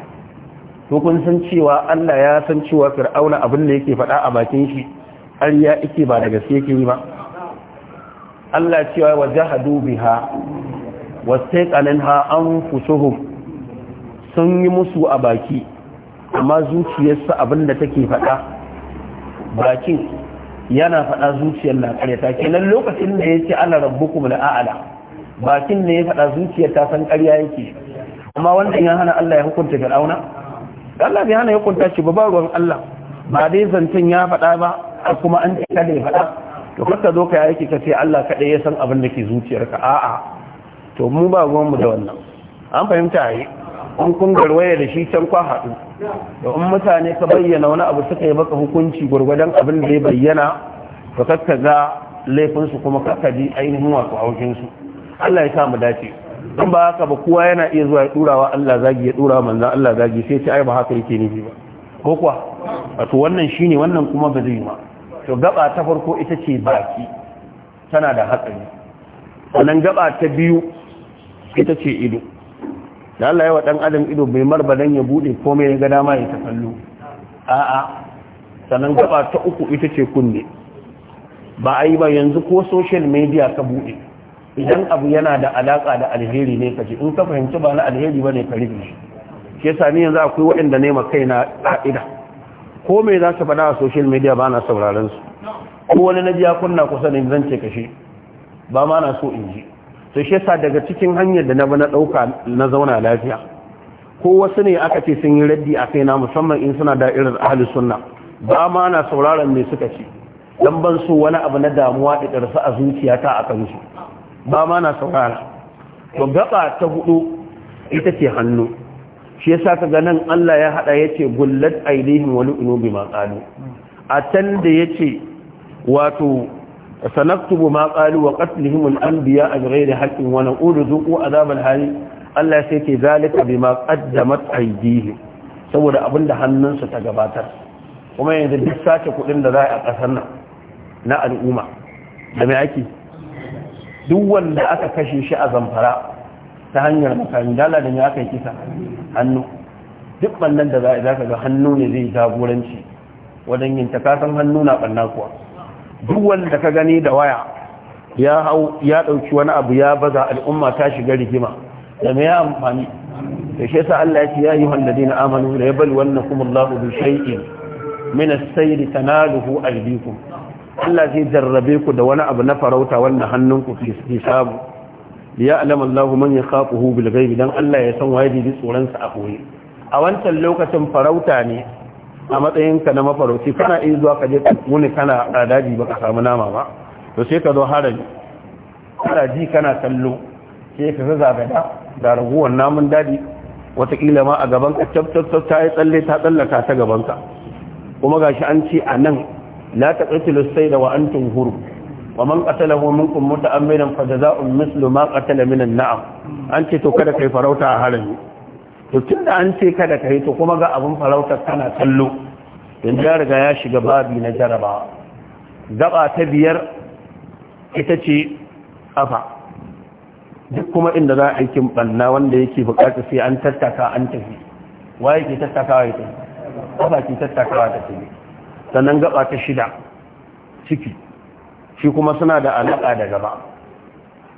Speaker 1: to kun san cewa Allah ya san cewa fir'auna abin da yake faɗa a bakin shi ya yake ba da gaske yake yi ba Allah cewa wa jahadu biha wa an anfusuhum sun yi musu a baki amma zuciyarsa abin da take faɗa bakin yana faɗa zuciyar na ta kenan lokacin da ce ana rabbukum la'ala bakin ne ya faɗa zuciyar ta san ƙarya yake amma wanda ya hana Allah ya hukunta fir'auna Allah bai hana ya hukunta shi ba ba ruwan Allah ba dai zancen ya faɗa ba kuma an ta kada ya faɗa to ka zo ka yake ka ce Allah kaɗai ya san abin da ke zuciyarka a'a to mu ba mu da wannan an fahimta yi an kun garwaya da shi can kwa haɗu da in mutane ka bayyana wani abu suka yi maka hukunci gwargwadon abin da ya bayyana to kakka ga laifinsu kuma kakka ji ainihin wasu su Allah ya sa mu dace don ba haka ba kowa yana iya zuwa ya turawa Allah zagi ya turawa manzo Allah zagi sai ce ai ba haka yake nufi ba ko kuwa wato wannan shine wannan kuma ba zai ma to gaba ta farko ita ce baki tana da hatsari sannan gaba ta biyu ita ce ido da Allah ya wa dan adam ido bai marba dan ya bude komai ya ga dama ya ta kallo a'a sannan gaba ta uku ita ce kunne ba a yi ba yanzu ko social media ka bude idan abu yana da alaka da alheri ne kaji in ka fahimci ba na alheri bane ka rufe shi ni yanzu akwai waɗanda ne makai na ka'ida ko me za su faɗa a social media ba na sauraron su ko wani na biya kunna kusa ne zan ce kashe ba ma na so in ji to shi yasa daga cikin hanyar da na bana na ɗauka na zauna lafiya ko wasu ne aka ce sun yi raddi a kaina musamman in suna da'irar ahli sunna ba ma na sauraron me suka ce dan ban so wani abu na damuwa da ƙarsa a zuciyata a kan su ba ma na saurara to gaba ta hudu ita ce hannu shi yasa ka ga nan Allah ya hada yace gullat aidihim wa lu'nu ma qalu a can da yace wato sanaktubu ma qalu wa qatlihim al-anbiya bighayri haqqin wa naqulu zuqu adhab al-hali Allah sai ce zalika bima qaddamat aidihim saboda abinda hannunsa ta gabatar kuma yanzu duk sace kudin da za a kasar na al'umma da mai ake duk wanda aka kashe shi a zamfara ta hanyar makami dala da ne aka yi kisa hannu duk bannan da za ka ga hannu ne zai jagoranci wajen yin takasan kasan hannu na banna kuwa duk wanda ka gani da waya ya hau ya wani abu ya baza al'umma ta shiga rigima da me ya amfani da shi yasa Allah ya ce ya ayyuhal ladina amanu la ya Allahu bi shay'in min as-sayri tanaluhu aydikum Allah zai jarrabe ku da wani abu na farauta wanda hannunku ke samu ya alama Allah man ya khaquhu bil ghaibi dan Allah ya san waye bi tsoronsa a koyi a wancan lokacin farauta ne a matsayin ka na mafarauci kana iya zuwa ka je wani kana daji baka samu nama ba to sai ka zo harami kana ji kana kallo sai ka gada da raguwar namun daji watakila ma a gabanka ka ta ya tsalle ta tsallaka ta gaban ka kuma gashi an ce a nan la taqtulu sayda wa antum hurum wa man qatalahu minkum muta'ammidan fajaza'un mislu ma qatala min an-na'am an ce to kada kai farauta a harami to tunda an ce kada kai to kuma ga abin farauta kana kallo yanzu ya riga ya shiga babi na jaraba gaba ta biyar ita ce afa duk kuma inda za a yi banna wanda yake bukatar sai an tattaka an tafi waye ke tattakawa ya tafi ke tattakawa ta tafi sannan gaba ta shida ciki shi kuma suna da alaƙa da gaba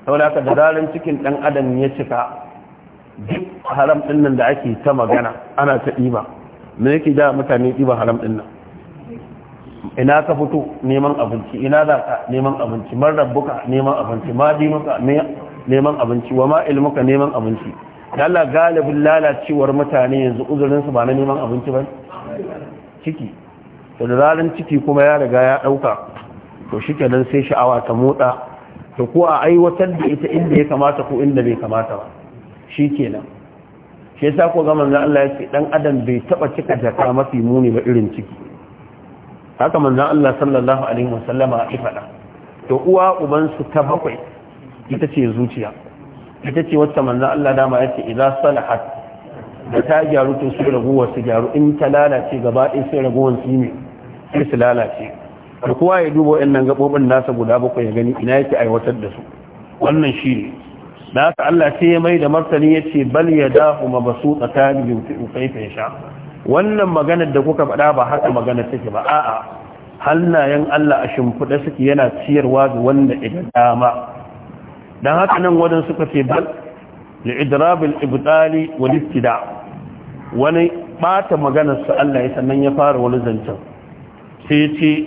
Speaker 1: saboda haka da zarin cikin ɗan adam ya cika duk haram ɗin nan da ake ta magana ana ta ɗiba me yake da mutane ɗiba haram ɗin nan ina ka fito neman abinci ina za ka neman abinci mar rabbuka neman abinci ma muka neman abinci wa ma ilmuka neman abinci da Allah galibin lalacewar mutane yanzu uzurinsu ba na neman abinci ba ciki da zaran ciki kuma ya riga ya ɗauka to shi kenan sai sha'awa ta motsa to ko a aiwatar da ita inda ya kamata ko inda bai kamata ba shi kenan shi yasa ko ga manzo Allah ya ce dan adam bai taba cika jaka mafi muni ba irin ciki haka manzo Allah sallallahu alaihi wasallama ya faɗa to uwa uban ta bakwai ita ce zuciya ita ce wacce manzo Allah dama ya ce idza salahat da ta gyaru to su raguwa su gyaru in ta lalace gaba ɗaya sai raguwan su ne sai su lalace da kowa ya duba wayannan gabobin nasa guda bakwai ya gani ina yake aiwatar da su wannan shine da haka Allah sai ya mai da martani ce bal ya yadahu mabsuutatan yunfiqu kayfa yasha wannan maganar da kuka faɗa ba haka maganar take ba a'a hannayen Allah a shimfiɗa suke yana ciyarwa ga wanda idan dama dan haka nan wadan suka ce bal li'idrab al-ibtali wal ibtida wani bata maganar sa Allah ya sannan ya fara wani zancen sai ce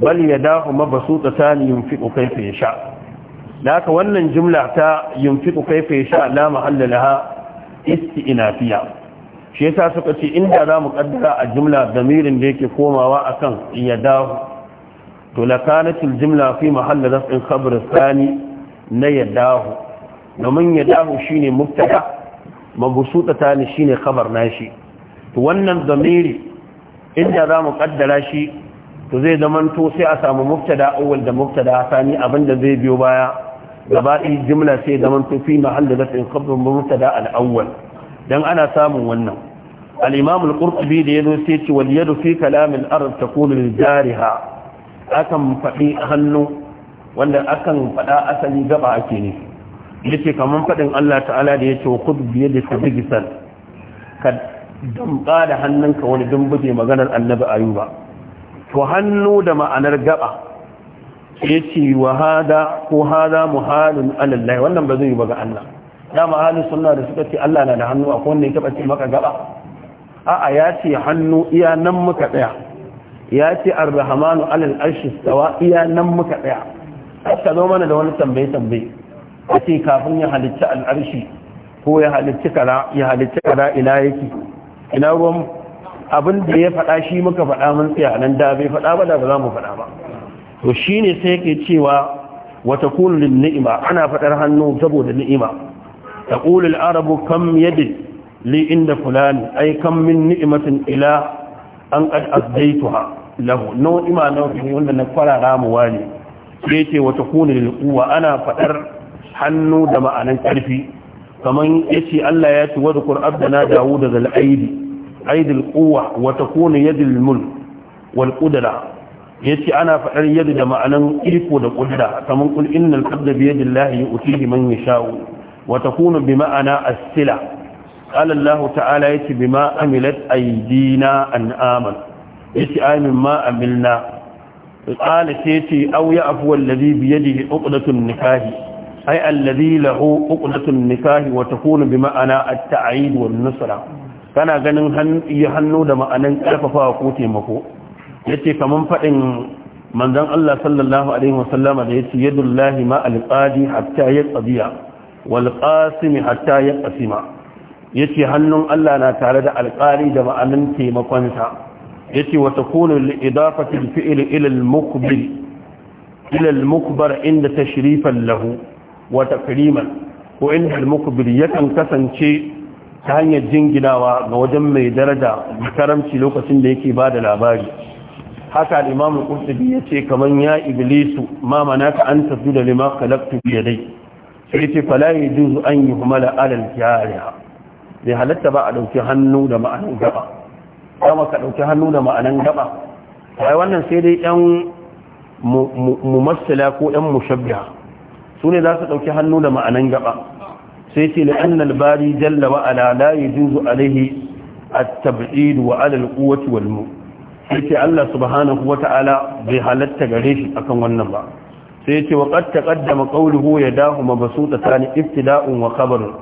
Speaker 1: bal ya dahu mabasuta ta ni yunfiqu kayfa yasha laka wannan jumla ta yunfiqu kayfa yasha la mahalla laha istinafiya shi yasa suka ce inda zamu kaddara a jimla damirin da yake komawa akan ya dahu to lakanatul jimla fi mahalla rafin khabar sani na ya dahu domin ya dahu shine mubtada mabsuta ta ni ne khabar nashi to wannan damiri inda za mu kaddara shi to zai zamanto sai a samu muftada awwal da muftada sani abinda zai biyo baya gaba'i jimla sai zamanto fi mahalli da sai khabar muftada al-awwal dan ana samun wannan alimamul imam al-qurtubi da yazo sai ci wal yadu fi kalamin al-arab takunu lil jariha akan hannu wanda akan faɗa asali gaba ake ne ce kamar faɗin Allah ta'ala da yace khudh bi yadika damƙa da hannunka wani dumbuɗe maganar annabi ayuba to hannu da ma'anar gaba ya ce wa hada ko hada muhalin alallahi wannan ba zai yi ba ga Allah ya ma'alin suna da suka ce Allah na da hannu a kowanne ya taɓa ce maka gaba a'a ya ce hannu iya nan muka tsaya ya ce arrahamanu alal arshi tsawa iya nan muka tsaya ka zo mana da wani tambaye tambaye a ce kafin ya halicci al'arshi ko ya halicci kara ya halicci kara ina yake ina ruwan abin da ya faɗa shi muka faɗa mun tsaya nan da bai faɗa ba da ba za mu faɗa ba to shine sai ke cewa wata kulun ni'ima ana faɗar hannu saboda ni'ima ta kulun arabu kam yadda li inda fulani ai kan min ni'imatin ila an ƙad azdaituha lahu nau'ima nau'i wanda na kwarara mu wani sai ce wata kulun kuwa ana faɗar hannu da ma'anan ƙarfi kaman yace Allah ya ce wadu qur abdana daud zal aidi aidil quwwa wa takunu yadil mulk wal qudra yace ana faɗar yadda da ma'anan iko da qudra kaman qul innal qadra bi yadillahi yu'tihi man yasha'u wa takunu bi ma'ana as-sila qala Allah ta'ala yace bima amilat aydina an aman yace amin ma amilna qala yace aw ya afwa alladhi bi yadihi uqdatun nikahi أي الذي له أقدة النكاح وتكون بمعنى التعيد والنصرة كان غنن هن يهنو دم أن ألففا قوتي مكو يتي كمن فإن من ذن الله صلى الله عليه وسلم يتي يد الله ما القاضي حتى يقضي والقاسم حتى يقسم يتي هنن الله لا تعالى القاري دم أن تيمكونسا يتي وتكون الإضافة الفئل إلى المقبل إلى المقبر عند تشريفا له Wata takriman ko in al yakan kasance ta hanyar jinginawa ga wajen mai daraja da karamci lokacin da yake bada labari haka al-imam al-qurtubi yace kaman ya iblisu ma manaka an da lima khalaqtu bi dai. sai ce falaye yajuzu an yi ala al-jariha bai halatta ba a ɗauki hannu da ma'anan gaba kama ka ɗauki hannu da ma'anan gaba ai wannan sai dai mu mumassala ko dan mushabbiha su ne za su ɗauki hannu da ma'anan gaba sai ce la'annal bari jalla wa ala la yajuzu alaihi at-tab'id wa ala al sai ce Allah subhanahu wa ta'ala bai halatta gare shi akan wannan ba sai ce wa qad taqaddama qawluhu yadahu mabsutatan ibtida'un wa khabarun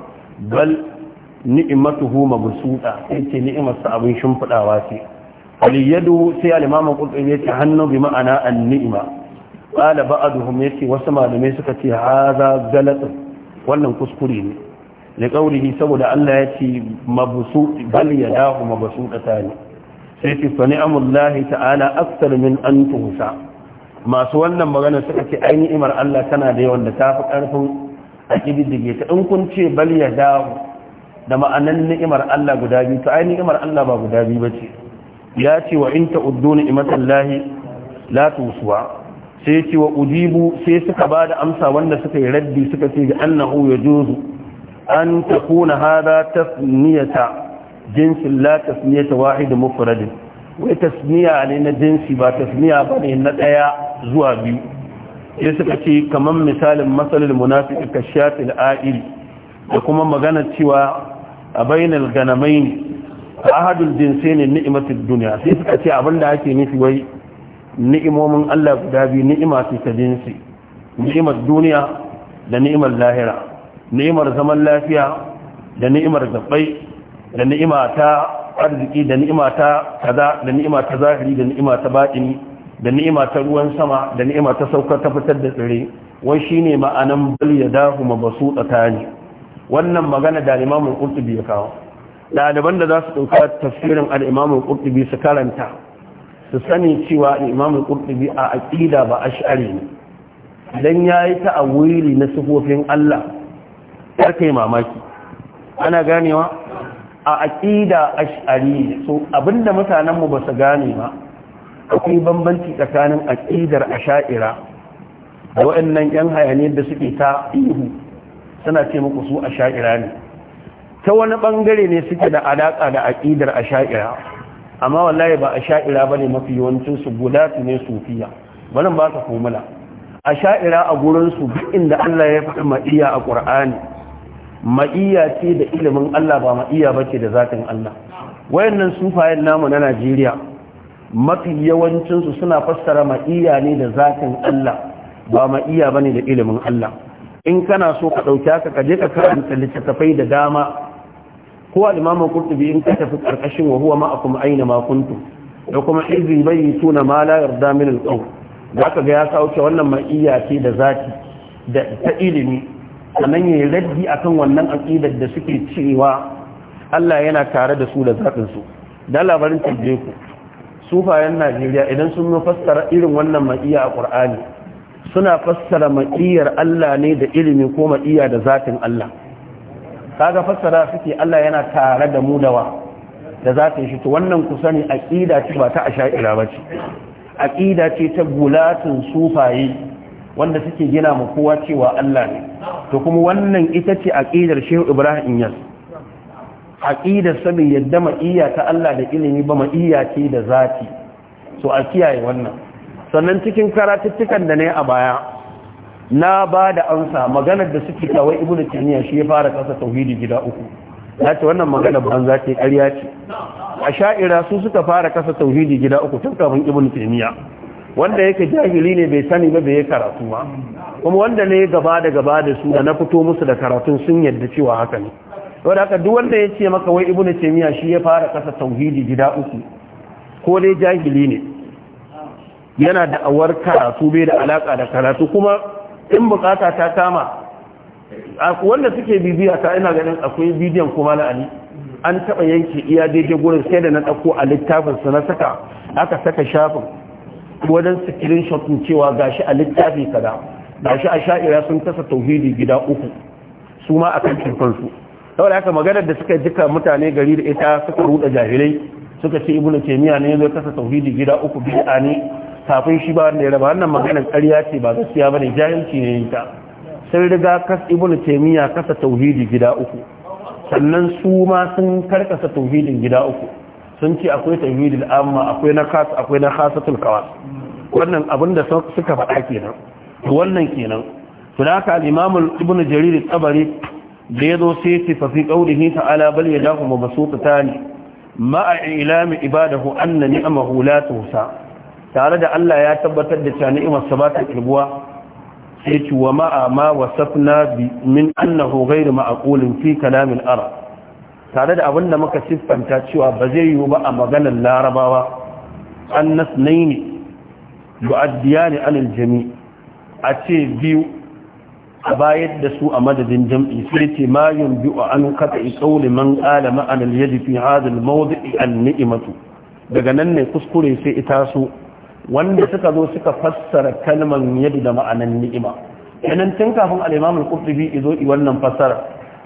Speaker 1: bal ni'matuhu mabsuta sai ce ni'imarsa abin shimfiɗawa ce aliyadu sai alimamin imam qurtubi ya ce hannu bi ma'ana an ni'ima. a ba'dhum yace wasu malamai suka ce haza galat wannan kuskure ne li ƙaurihi saboda Allah yace mabsu bal yadahu ne. sai ce fa amullahi ta'ala akthar min an tuhsa masu wannan magana suka ce ai Allah tana da yawan da tafi karfin a kididdige ta in kun ce bal yadahu da ma'anan ni'imar Allah guda biyu to ai Allah ba guda biyu ce. ya ce wa in ta'uddu ni'matallahi la tusuwa sai ce wa ujibu sai suka ba da amsa wanda suka yi raddi suka ce ga annahu ya juzu an ta kuna hada tasniyata jinsin la tasniyata wahid mufradin wai tasniya ne na jinsi ba tasniya ba ne na ɗaya zuwa biyu sai suka ce kamar misalin matsalar munafiki ka shafi al'a'il da kuma magana cewa a bainal ganamai ahadul jinsi ne ni'imatul duniya sai suka ce abinda ake nufi wai ni'imomin Allah guda biyu ni'ima ce ta jinsi ni'imar duniya da ni'imar lahira ni'imar zaman lafiya da ni'imar zabbai da ni'ima ta arziki da ni'ima ta kaza da ni'ima ta zahiri da ni'ima ta batini da ni'ima ta ruwan sama da ni'ima ta saukar ta fitar da tsire wai shine ma'anan bal yadahu mabsuta tani wannan magana da Imam Qurtubi ya kawo ɗaliban da za su ɗauka tafsirin al-Imam Qurtubi su karanta su sani cewa imamul qurtubi a aqida ba ash'ari ne dan yayi ta a wuri na sifofin Allah har kai mamaki ana ganewa a aqida ash'ari so abinda mutanen mu ba su gane ba akwai bambanci tsakanin aqidar ash'ira da waɗannan yan hayaniyar da suke ta ihu suna ce muku su sha'ira ne ta wani bangare ne suke da alaƙa da aqidar ash'ira amma wallahi ba a sha'ira ba ne mafi yawancin su gudatu ne sufiya wannan ba ka komula a sha'ira a gurinsu duk inda Allah ya faɗi ma'iya a ƙur'ani ma'iya ce da ilimin Allah ba ma'iya ce da zatin Allah wayannan sufayen namu na Najeriya mafi yawancinsu suna fassara ma'iya ne da zatin Allah ba ma'iya ne da ilimin Allah in kana so ka ɗauki haka ka je ka karanta littattafai da dama ko al-imam qurtubi in ka tafi karkashin wa huwa ma'akum aina ma kuntum da kuma izi bayyituna ma la yarda min al-qawl da aka ga ya sauke wannan ma'iyya ce da zati da ta ilimi sannan ya raddi akan wannan aqidar da suke cewa Allah yana tare da su da zatin su da labarin tabbe ku sufayen Najeriya idan sun fassara irin wannan ma'iyya a Qur'ani suna fassara ma'iyar Allah ne da ilimi ko ma'iya da zatin Allah kaga fassara suke Allah yana tare da mu da wa da za ta shi to wannan ku sani aqida ce ba ta asha'ira ba ce aqida ce ta gulatin sufaye wanda suke gina mu kowa cewa Allah ne to kuma wannan ita ce aqidar Shehu Ibrahim Yas aqidar sa yadda yadda iya ta Allah da ilimi ba ma iya ce da zati so a kiyaye wannan sannan cikin karatuttukan da ne a baya na ba da ansa maganar da suke kawai ibnu taymiya shi ya fara kasa tauhidi gida uku ya ce wannan maganar banza ce ƙarya ce a sha'ira su suka fara kasa tauhidi gida uku tun kafin ibnu taymiya wanda yake jahili ne bai sani ba bai karatu ba kuma wanda ne gaba da gaba da su da na fito musu da karatun sun yadda cewa haka ne saboda haka duk wanda ya ce maka wai ibnu taymiya shi ya fara kasa tauhidi gida uku ko dai jahili ne yana da awar karatu bai da alaka da karatu kuma in bukata ta kama wanda suke bibiya ta ina ganin akwai bidiyon kuma na ali an taba yanke iya daidai gurin sai da na ɗauko a littafinsa na saka aka saka shafin wajen sikirin shafin cewa gashi a littafi kada gashi a sha'ira sun kasa tauhidi gida uku su ma a kan kirkansu saboda haka maganar da suka jika mutane gari da ita suka ruɗa jahilai suka ce ibnu taymiya ne ya kasa tauhidi gida uku bi'a ne kafin shi ba wanda ya raba wannan maganar ƙarya ce ba gaskiya bane jahilci ne ta sai riga kas ibnu taymiya kasa tauhidi gida uku sannan su ma sun karkasa tauhidin gida uku sun ce akwai tauhidul amma akwai na khas akwai na khasatul wannan abin da suka faɗa kenan wannan kenan to da haka al-imam ibnu jarir tabari da ya zo sai ce fafi ƙaunihi ta'ala bal ya dahu ma basu ta ne ma'a ilami ibadahu anna ni'amahu la tusa tare da Allah ya tabbatar da cewa ni'imarsa ba ta kirbuwa sai ci wa ma'a ma wasafna bi min annahu ghayr ma'qulin fi kalamin arab tare da abin da muka siffanta cewa ba zai yiwu ba a maganar larabawa an nasnaini yu'addiyani anil jami a ce biyu a bayar da su a madadin jam'i sai ce ma yunbi'u an kata qawli man qala ma'anal yadi fi hadha al an-ni'matu daga nan ne kuskure sai ita su wanda suka zo suka fassara kalman yadda da ma'anan ni'ima yanan tun kafin al-imam al-qurtubi izo wannan fassara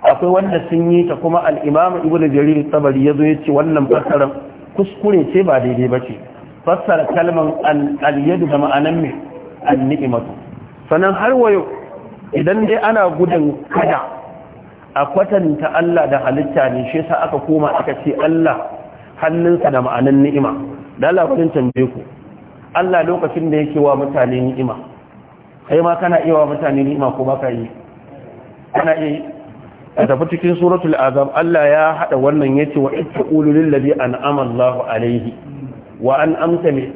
Speaker 1: akwai wanda sun yi ta kuma al-imam ibnu jarir tabari yazo ya ce wannan fassaran kuskure ce ba daidai ba ce fassara kalman al-yadu da ma'anan mai al-ni'imatu sannan har wayo idan dai ana gudun kada a kwatanta Allah da halitta ne shi sa aka koma aka ce Allah hannunsa da ma'anan ni'ima da Allah tambaye ku Allah lokacin da yake wa mutane ni'ima kai ma kana iya wa mutane ni'ima ko baka yi kana iya a tafi cikin suratul azab Allah ya hada wannan yace wa ittaqulu lil ladhi an'ama Allahu alayhi wa an amsa ne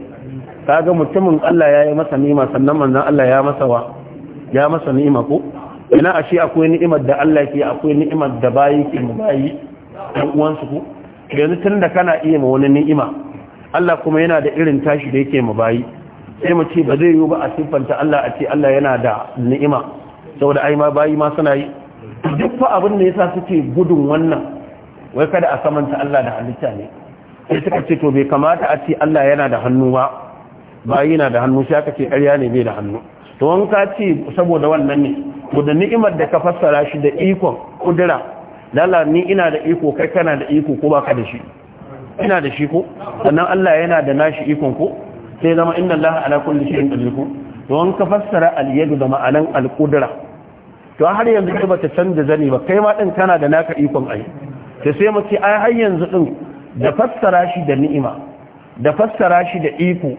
Speaker 1: kaga mutumin Allah ya yi masa ni'ima sannan manzon Allah ya masa wa ya masa ni'ima ko ina ashe akwai ni'imar da Allah ke akwai ni'imar da bayi ke bayi ɗan uwansu ko yanzu tun da kana iya ma wani ni'ima Allah kuma yana da irin tashi da yake mabayi bayi sai mu ce ba zai yiwu ba a siffanta Allah a ce Allah yana da ni'ima saboda ai ma bayi ma suna yi duk fa abin da yasa suke gudun wannan wai kada a samanta Allah da halitta ne sai suka ce to bai kamata a ce Allah yana da hannu ba bayi na da hannu sai aka ce ƙarya ne bai da hannu to an ka ce saboda wannan ne ko ni'imar da ka fassara shi da ikon kudura lalla ni ina da iko kai kana da iko ko baka da shi ina da shi ko sannan Allah yana da nashi ikon ko sai zama inna Allah ala kulli shay'in qadir ko to an ka fassara al yadu da ma'anan al qudra to har yanzu kai bata canza zani ba kai ma din kana da naka ikon ai to sai mu ce ai har yanzu din da fassara shi da ni'ima da fassara shi da iko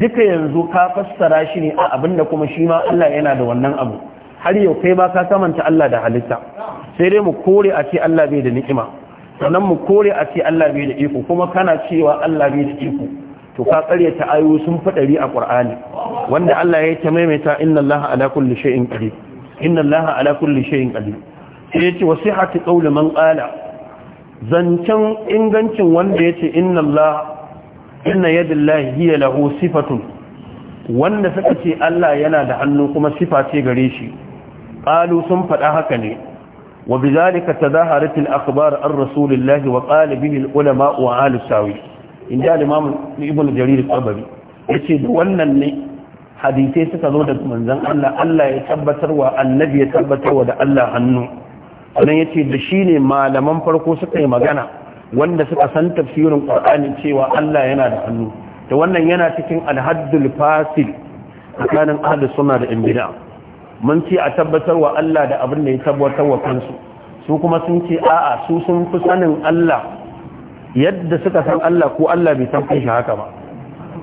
Speaker 1: duka yanzu ka fassara shi ne a abinda kuma shi ma Allah yana da wannan abu har yau kai ba ka kamanta Allah da halitta sai dai mu kore a ce Allah bai da ni'ima sannan mu kore a ce Allah bai da iko kuma kana cewa Allah bai da iko to ka ta ayoyi sun fadari a Qur'ani wanda Allah ya ta maimaita inna Allah ala kulli shay'in qadir inna Allah ala kulli shay'in qadir sai yace wasihati qawli man qala zancan ingancin wanda ya ce inna Allah inna yadillahi hiya lahu sifatun wanda suka ce Allah yana da hannu kuma sifa ce gare shi qalu sun fada haka ne وبذلك تظاهرت الأخبار عن رسول الله وقال به العلماء وآل الساوي إن جاء الإمام ابن جرير الطبري يشهد ونن حديثي ستزود من ذن الله الله يتبتر والنبي يتبتر ودى الله عنه أنا يشهد شيني ما لمن فرقو سكي مغانا wanda suka san tafsirin Qur'ani cewa Allah yana da hannu to wannan yana cikin alhaddul fasil tsakanin ahli sunna da ibn bid'ah mun ce a tabbatar wa Allah da abin da ya tabbatar wa kansu su kuma sun ce a'a su sun fi sanin Allah yadda suka san Allah ko Allah bai san shi haka ba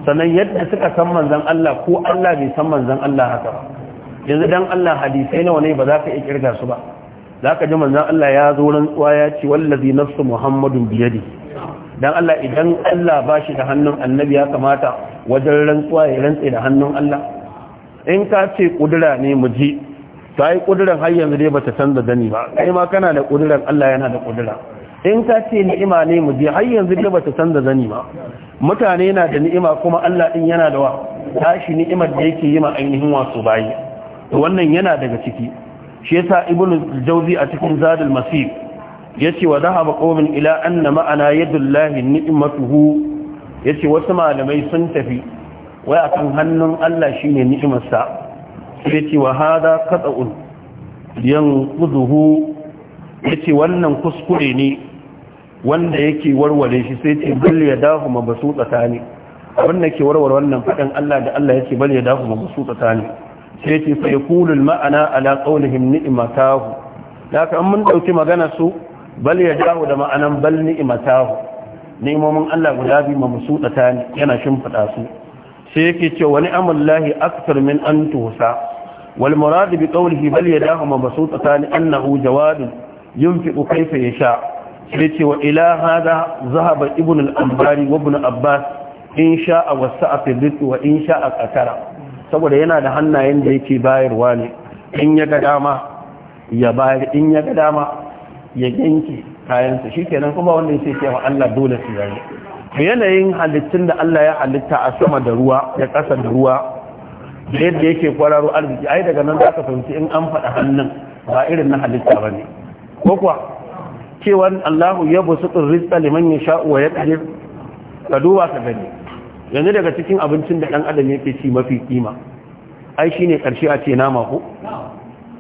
Speaker 1: sannan yadda suka san manzan Allah ko Allah bai san manzan Allah haka ba yanzu dan Allah hadisai nawa ne ba za ka iya kirga su ba za ka ji manzan Allah ya zo rantsuwa ya ce wallazi nafsu muhammadun biyadi dan Allah idan Allah ba shi da hannun annabi ya kamata wajen rantsuwa ya rantse da hannun Allah in ka ce ƙudura ne mu ji ta yi ƙuduran har yanzu dai bata canza dani ba kai ma kana da ƙuduran Allah yana da ƙudura in ka ce ni'ima ne mu ji har yanzu dai bata canza dani ba mutane na da ni'ima kuma Allah din yana da wa tashi ni'imar da yake yi ma ainihin wasu bayi to wannan yana daga ciki shi yasa ibnu jawzi a cikin zadul masih yace wa dhahaba qawmin ila anna ma'ana yadullahi ni'matuhu yace wasu malamai sun tafi wai akan hannun Allah shi ne ni'imarsa sai ce wa hada qat'un ya ce wannan kuskure ne wanda yake warware shi sai ce bal ya ma basu yadahu abin da ke warware wannan fadan Allah da Allah yake bal ya ma yadahu mabsutatani sai ce fa yaqulu al ma'ana ala qawlihim ni'matahu laka mun dauki magana su bal yadahu da ma'anan bal ni'matahu ni'imomin Allah guda biyu mabsutatani yana shimfida su sai yake ce wani amallahi aksar min an tusa wal murad bi qawlihi bal yadahu mabsutatan annahu jawadun yunfiqu kayfa yasha sai ce wa ila hada zahaba ibn al-anbari wa ibn abbas in sha'a wasa'a fi rizqi wa in sha'a qatara saboda yana da hannayen da yake bayarwa ne in ya ga dama ya bayar in ya ga dama ya yanke kayansa shikenan kuma wanda yake cewa Allah dole su yayi yanayin halittun da Allah ya halitta a sama da ruwa ya kasa da ruwa da yadda yake kwararo arziki ai daga nan za ka fahimci in an faɗa hannun ba irin na halitta ba ne ko kuwa cewan Allahu ya busutun rizqa liman sha'u wa yaqdir ka duba ka gani yanzu daga cikin abincin da ɗan adam yake ci mafi kima ai shine karshe a ce nama ko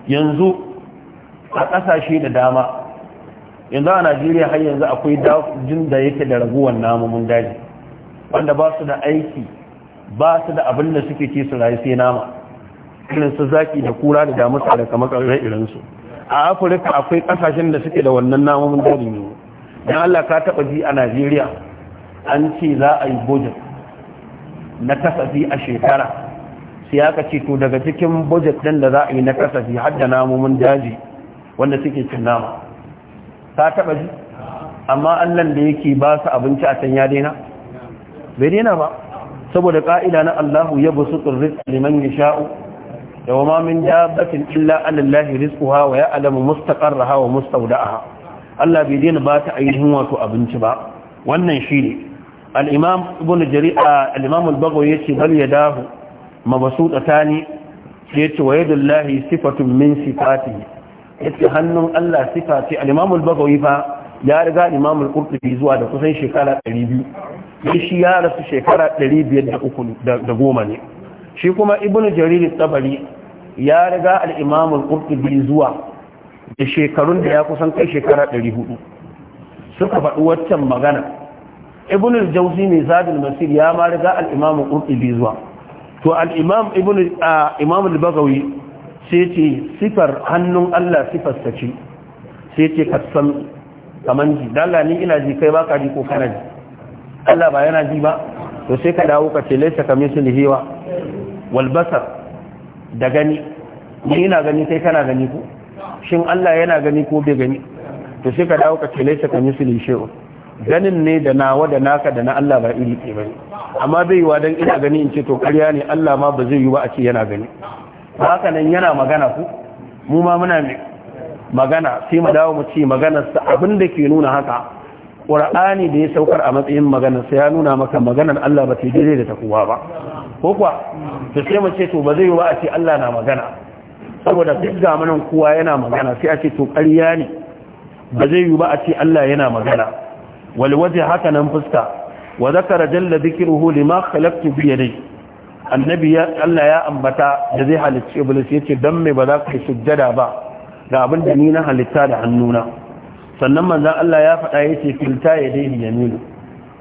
Speaker 1: yanzu a ƙasashe da dama yanzu a najeriya har yanzu akwai dajin da yake da raguwar namomin daji wanda ba su da aiki ba su da abin da suke ci su rayu sai nama irin su zaki da kura da damusa da irin irinsu a afirka akwai kasashen da suke da wannan namomin daji ne don allah ka taba ji a najeriya an ce za a yi budget na kasafi a shekara sai aka ce to daga cikin budget din da za a yi na kasafi har da namomin daji wanda suke cin nama ta taba ji amma allan da yake ba su abinci a can ya daina bai daina ba saboda ka'ida na allahu ya busu tsirris liman ya sha'u da wama min dabbatin illa alallahi rizquha wa ya'lamu mustaqarraha wa mustawda'aha allah bai daina ba ta ainihin wato abinci ba wannan shine al-imam ibnu jari'a al-imam al-baghawi yace bal yadahu mabsutatani yace wa yadullahi sifatun min sifatihi yake hannun Allah sifa ce al-Imam al-Baghawi fa ya riga Imam al-Qurtubi zuwa da kusan shekara 200 shi ya rasu shekara 503 ne shi kuma Ibn Jarir al-Tabari ya riga al-Imam al-Qurtubi zuwa da shekarun da ya kusan kai shekara 400 suka faɗi waccan magana Ibn al-Jawzi ne Zadul Masir ya ma riga al-Imam al-Qurtubi zuwa to al-Imam Ibn Imam al-Baghawi sai ce sifar hannun Allah sifar ta ce sai ce kasan kaman ji dala ni ina ji kai baka ji ko kana ji Allah ba yana ji ba to sai ka dawo ka ce laisa kamithlihi wa wal basar da gani ni ina gani sai kana gani ko shin Allah yana gani ko bai gani to sai ka dawo ka ce laisa kamithlihi shay'un ganin ne da nawa da naka da na Allah ba iri ke bane amma bai wa dan ina gani in ce to ƙarya ne Allah ma ba zai yi ba a ce yana gani haka nan yana magana ku mu ma muna magana sai mu dawo mu ci maganarsa abin da ke nuna haka ƙur'ani da ya saukar a matsayin maganarsa ya nuna maka maganar Allah ba ta daidai da takuwa ba ko kuwa to sai mu ce to ba zai yi ba a ce Allah na magana saboda duk ga manan kowa yana magana sai a ce to ƙarya ne ba zai yi ba a ce Allah yana magana wal waje haka nan fuska wa zakara jalla dhikruhu lima khalaqtu bi yadayhi annabi Allah ya ambata da zai halicci iblis yace dan me ba za ka yi sujjada ba ga abin da ni na halitta da hannuna sannan manzon Allah ya faɗa yace filta ya dai yaminu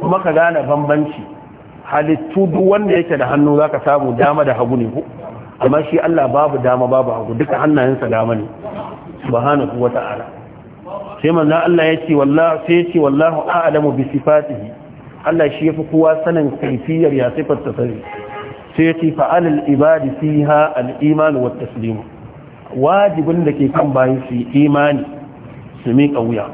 Speaker 1: kuma ka gane bambanci halittu duk wanda yake da hannu zaka samu dama da hagu ne ko amma shi Allah babu dama babu hagu duka hannayensa dama ne subhanahu wata'ala sai manzon Allah yace wallahi sai yace wallahu a'lamu bi sifatihi Allah shi yafi kowa sanin kaifiyar ya sifar tasarrufi sai fa'al al'ibadi fi ha al'imanu wa taslimu wajibin da ke kan bayan su imani su miƙa wuya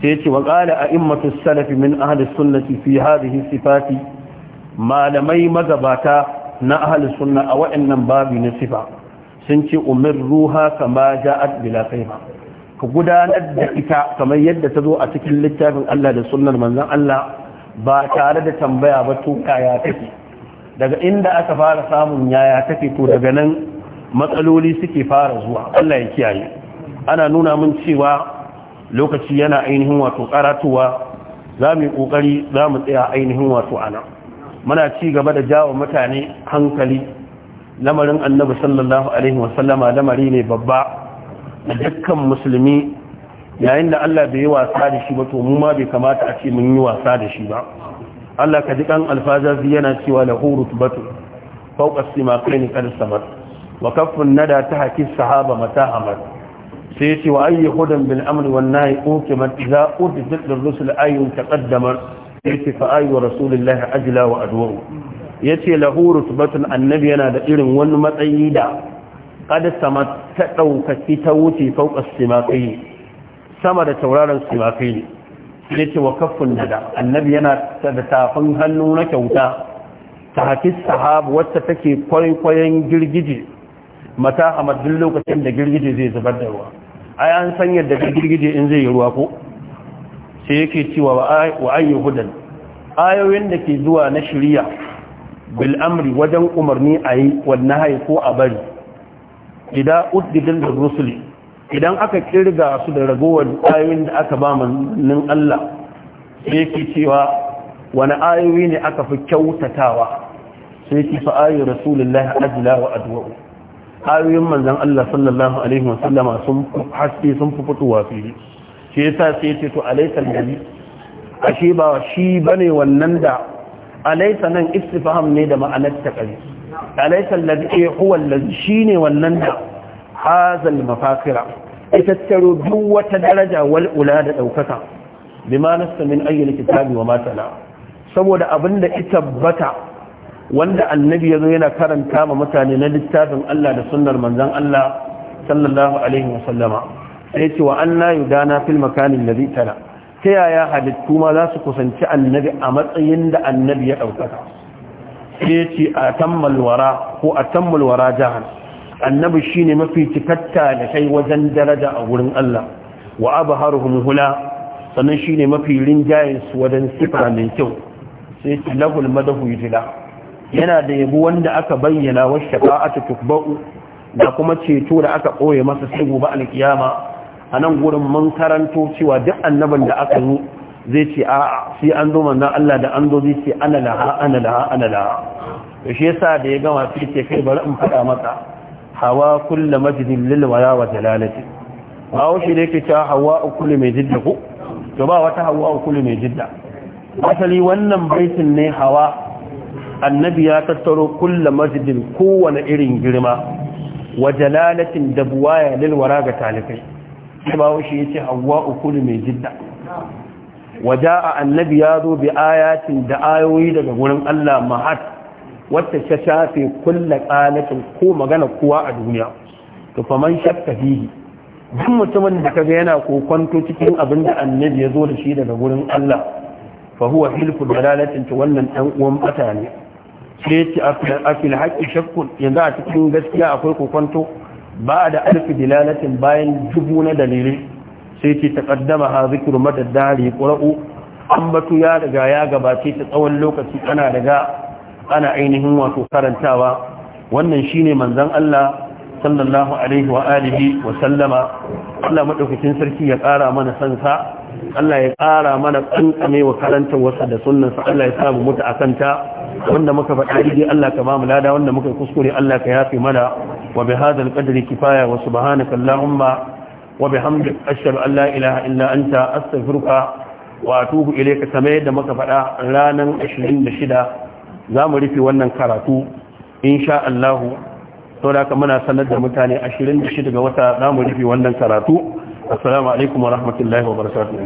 Speaker 1: sai ce wa ƙala a immatu salafi min ahalis sunnati fi hadihi sifati malamai magabata na ahalis sunna a waɗannan babu na sifa sun ce umar ruha kama ja'at bila kaifa ka gudanar da ita kamar yadda ta zo a cikin littafin Allah da sunnar manzon Allah ba tare da tambaya ba to kaya take daga inda aka fara samun yaya ta to daga nan matsaloli suke fara zuwa Allah ya kiyaye ana nuna mun cewa lokaci yana ainihin wato karatuwa za mu yi kokari za mu tsaya ainihin wato ana muna ci gaba da jawo mutane hankali lamarin annabi sallallahu alaihi wasallama lamari ne babba da dukkan musulmi yayin da Allah bai yi wasa da shi ba to mu ma bai kamata a ce mun yi wasa da shi ba Allah ka ji kan alfazazi yana cewa lahu rutbatu fawqa as-simaqain samar wa kaffun nada tahki sahaba mata amar sai ce wa ayyi hudan bil amr wan nahi uqimat idza uddat ar-rusul ayyun taqaddama yace fa ayyu rasulillahi ajla wa adwa yace lahu rutbatun annabi yana da irin wani matsayi da qad samar ta daukaki ta wuce fawqa as sama da tauraron simakai ya ce wa kaffin da annabi yana da tafin hannu na kyauta ta haƙi sahabu wacce take kwaikwayon girgije mata a madin lokacin da girgije zai zubar da ruwa ai an san yadda girgije in zai yi ruwa ko sai yake cewa wa ayyu hudan ayoyin da ke zuwa na shirya. bil amri wajen umarni ayi wannan hay ko a bari ida da rusuli idan aka kirga su da ragowar ayoyin da aka ba mannin Allah sai ke cewa wani ayoyi ne aka fi kyautatawa sai ke fa ayoyi rasulullahi ajila wa adwa'u ayoyin manzan Allah sallallahu alaihi wasallama sun haske sun fi fitowa fili shi yasa sai ce to alaysa nabi ashe ba shi bane wannan da alaysa nan istifham ne da ma'anar taqali alaysa alladhi eh, huwa alladhi shine wannan da hazal mafakira ita taro duk wata daraja wal'ula da ɗaukaka. bima nasta min ayyana kitabi wa ma saboda abinda ita bata wanda annabi ya zo yana karanta ma mutane na littafin Allah da sunnar manzon Allah sallallahu alaihi wa sallama sai ce wa anna yudana fil makanin ladhi tala ta yaya halittu ma za su kusanci annabi a matsayin da annabi ya ɗaukaka? sai ce a tammal wara ko a tammal wara annabi shine mafi cikatta da kai wajen daraja a wurin Allah wa abharuhum hula sannan shine mafi rinjayen su wajen sifa mai kyau sai lahul madahu yujla yana da yabo wanda aka bayyana wa shafa'atu tukba'u da kuma ceto da aka koye masa sai gobe alkiyama a nan gurin mun karanto cewa duk annaban da aka yi zai ce a sai an zo manzon Allah da an zo zai ce ana laha ana laha ana laha to shi yasa da ya gama sai ce kai bari in faɗa maka hawa kulla majidin lilwala wa jalalati ba wuce da yake cewa hawa ukulu mai jidda ku to ba wata hawa ukulu mai jidda asali wannan baitin ne hawa annabi ya tattaro kulla majidin kowane irin girma wa jalalatin da buwaya lilwala ga talibai ba wuce ya ce hawa ukulu mai jidda a annabi ya zo bi ayatin da ayoyi daga gurin Allah mahat wacce ta shafe kulla qalatin ko magana kowa a duniya to faman shakka fihi duk mutumin da kaga yana kokonto cikin abin da annabi ya zo da shi daga gurin Allah fa huwa dalalatin to wannan dan uwan bata ne sai ce a haqqi shakkun yanzu a cikin gaskiya akwai kokonto ba da alfi dalalatin bayan dubu na dalilai sai ce taqaddama ha zikru madad dari qura'u ambatu ya riga ya gabace ta tsawon lokaci ana daga ana ainihin wato karantawa wannan shine manzon Allah sallallahu alaihi wa alihi wa sallama Allah madaukakin sarki ya ƙara mana sansa Allah ya ƙara mana kankame wa karanta wasa da sunnan sa Allah ya samu mutu akanta wanda muka faɗa dai Allah ka ba mu lada wanda muka kuskure Allah ka yafi mana wa bi hadal qadri kifaya wa subhanaka allahumma wa bihamdika ashhadu an la ilaha illa anta astaghfiruka wa atubu ilayka kamar yadda muka faɗa ranar 26 za mu rufe wannan karatu insha Allah to da muna sanar da mutane 26 ga wata za mu rufe wannan karatu assalamu alaikum wa rahmatullahi wa barakatuh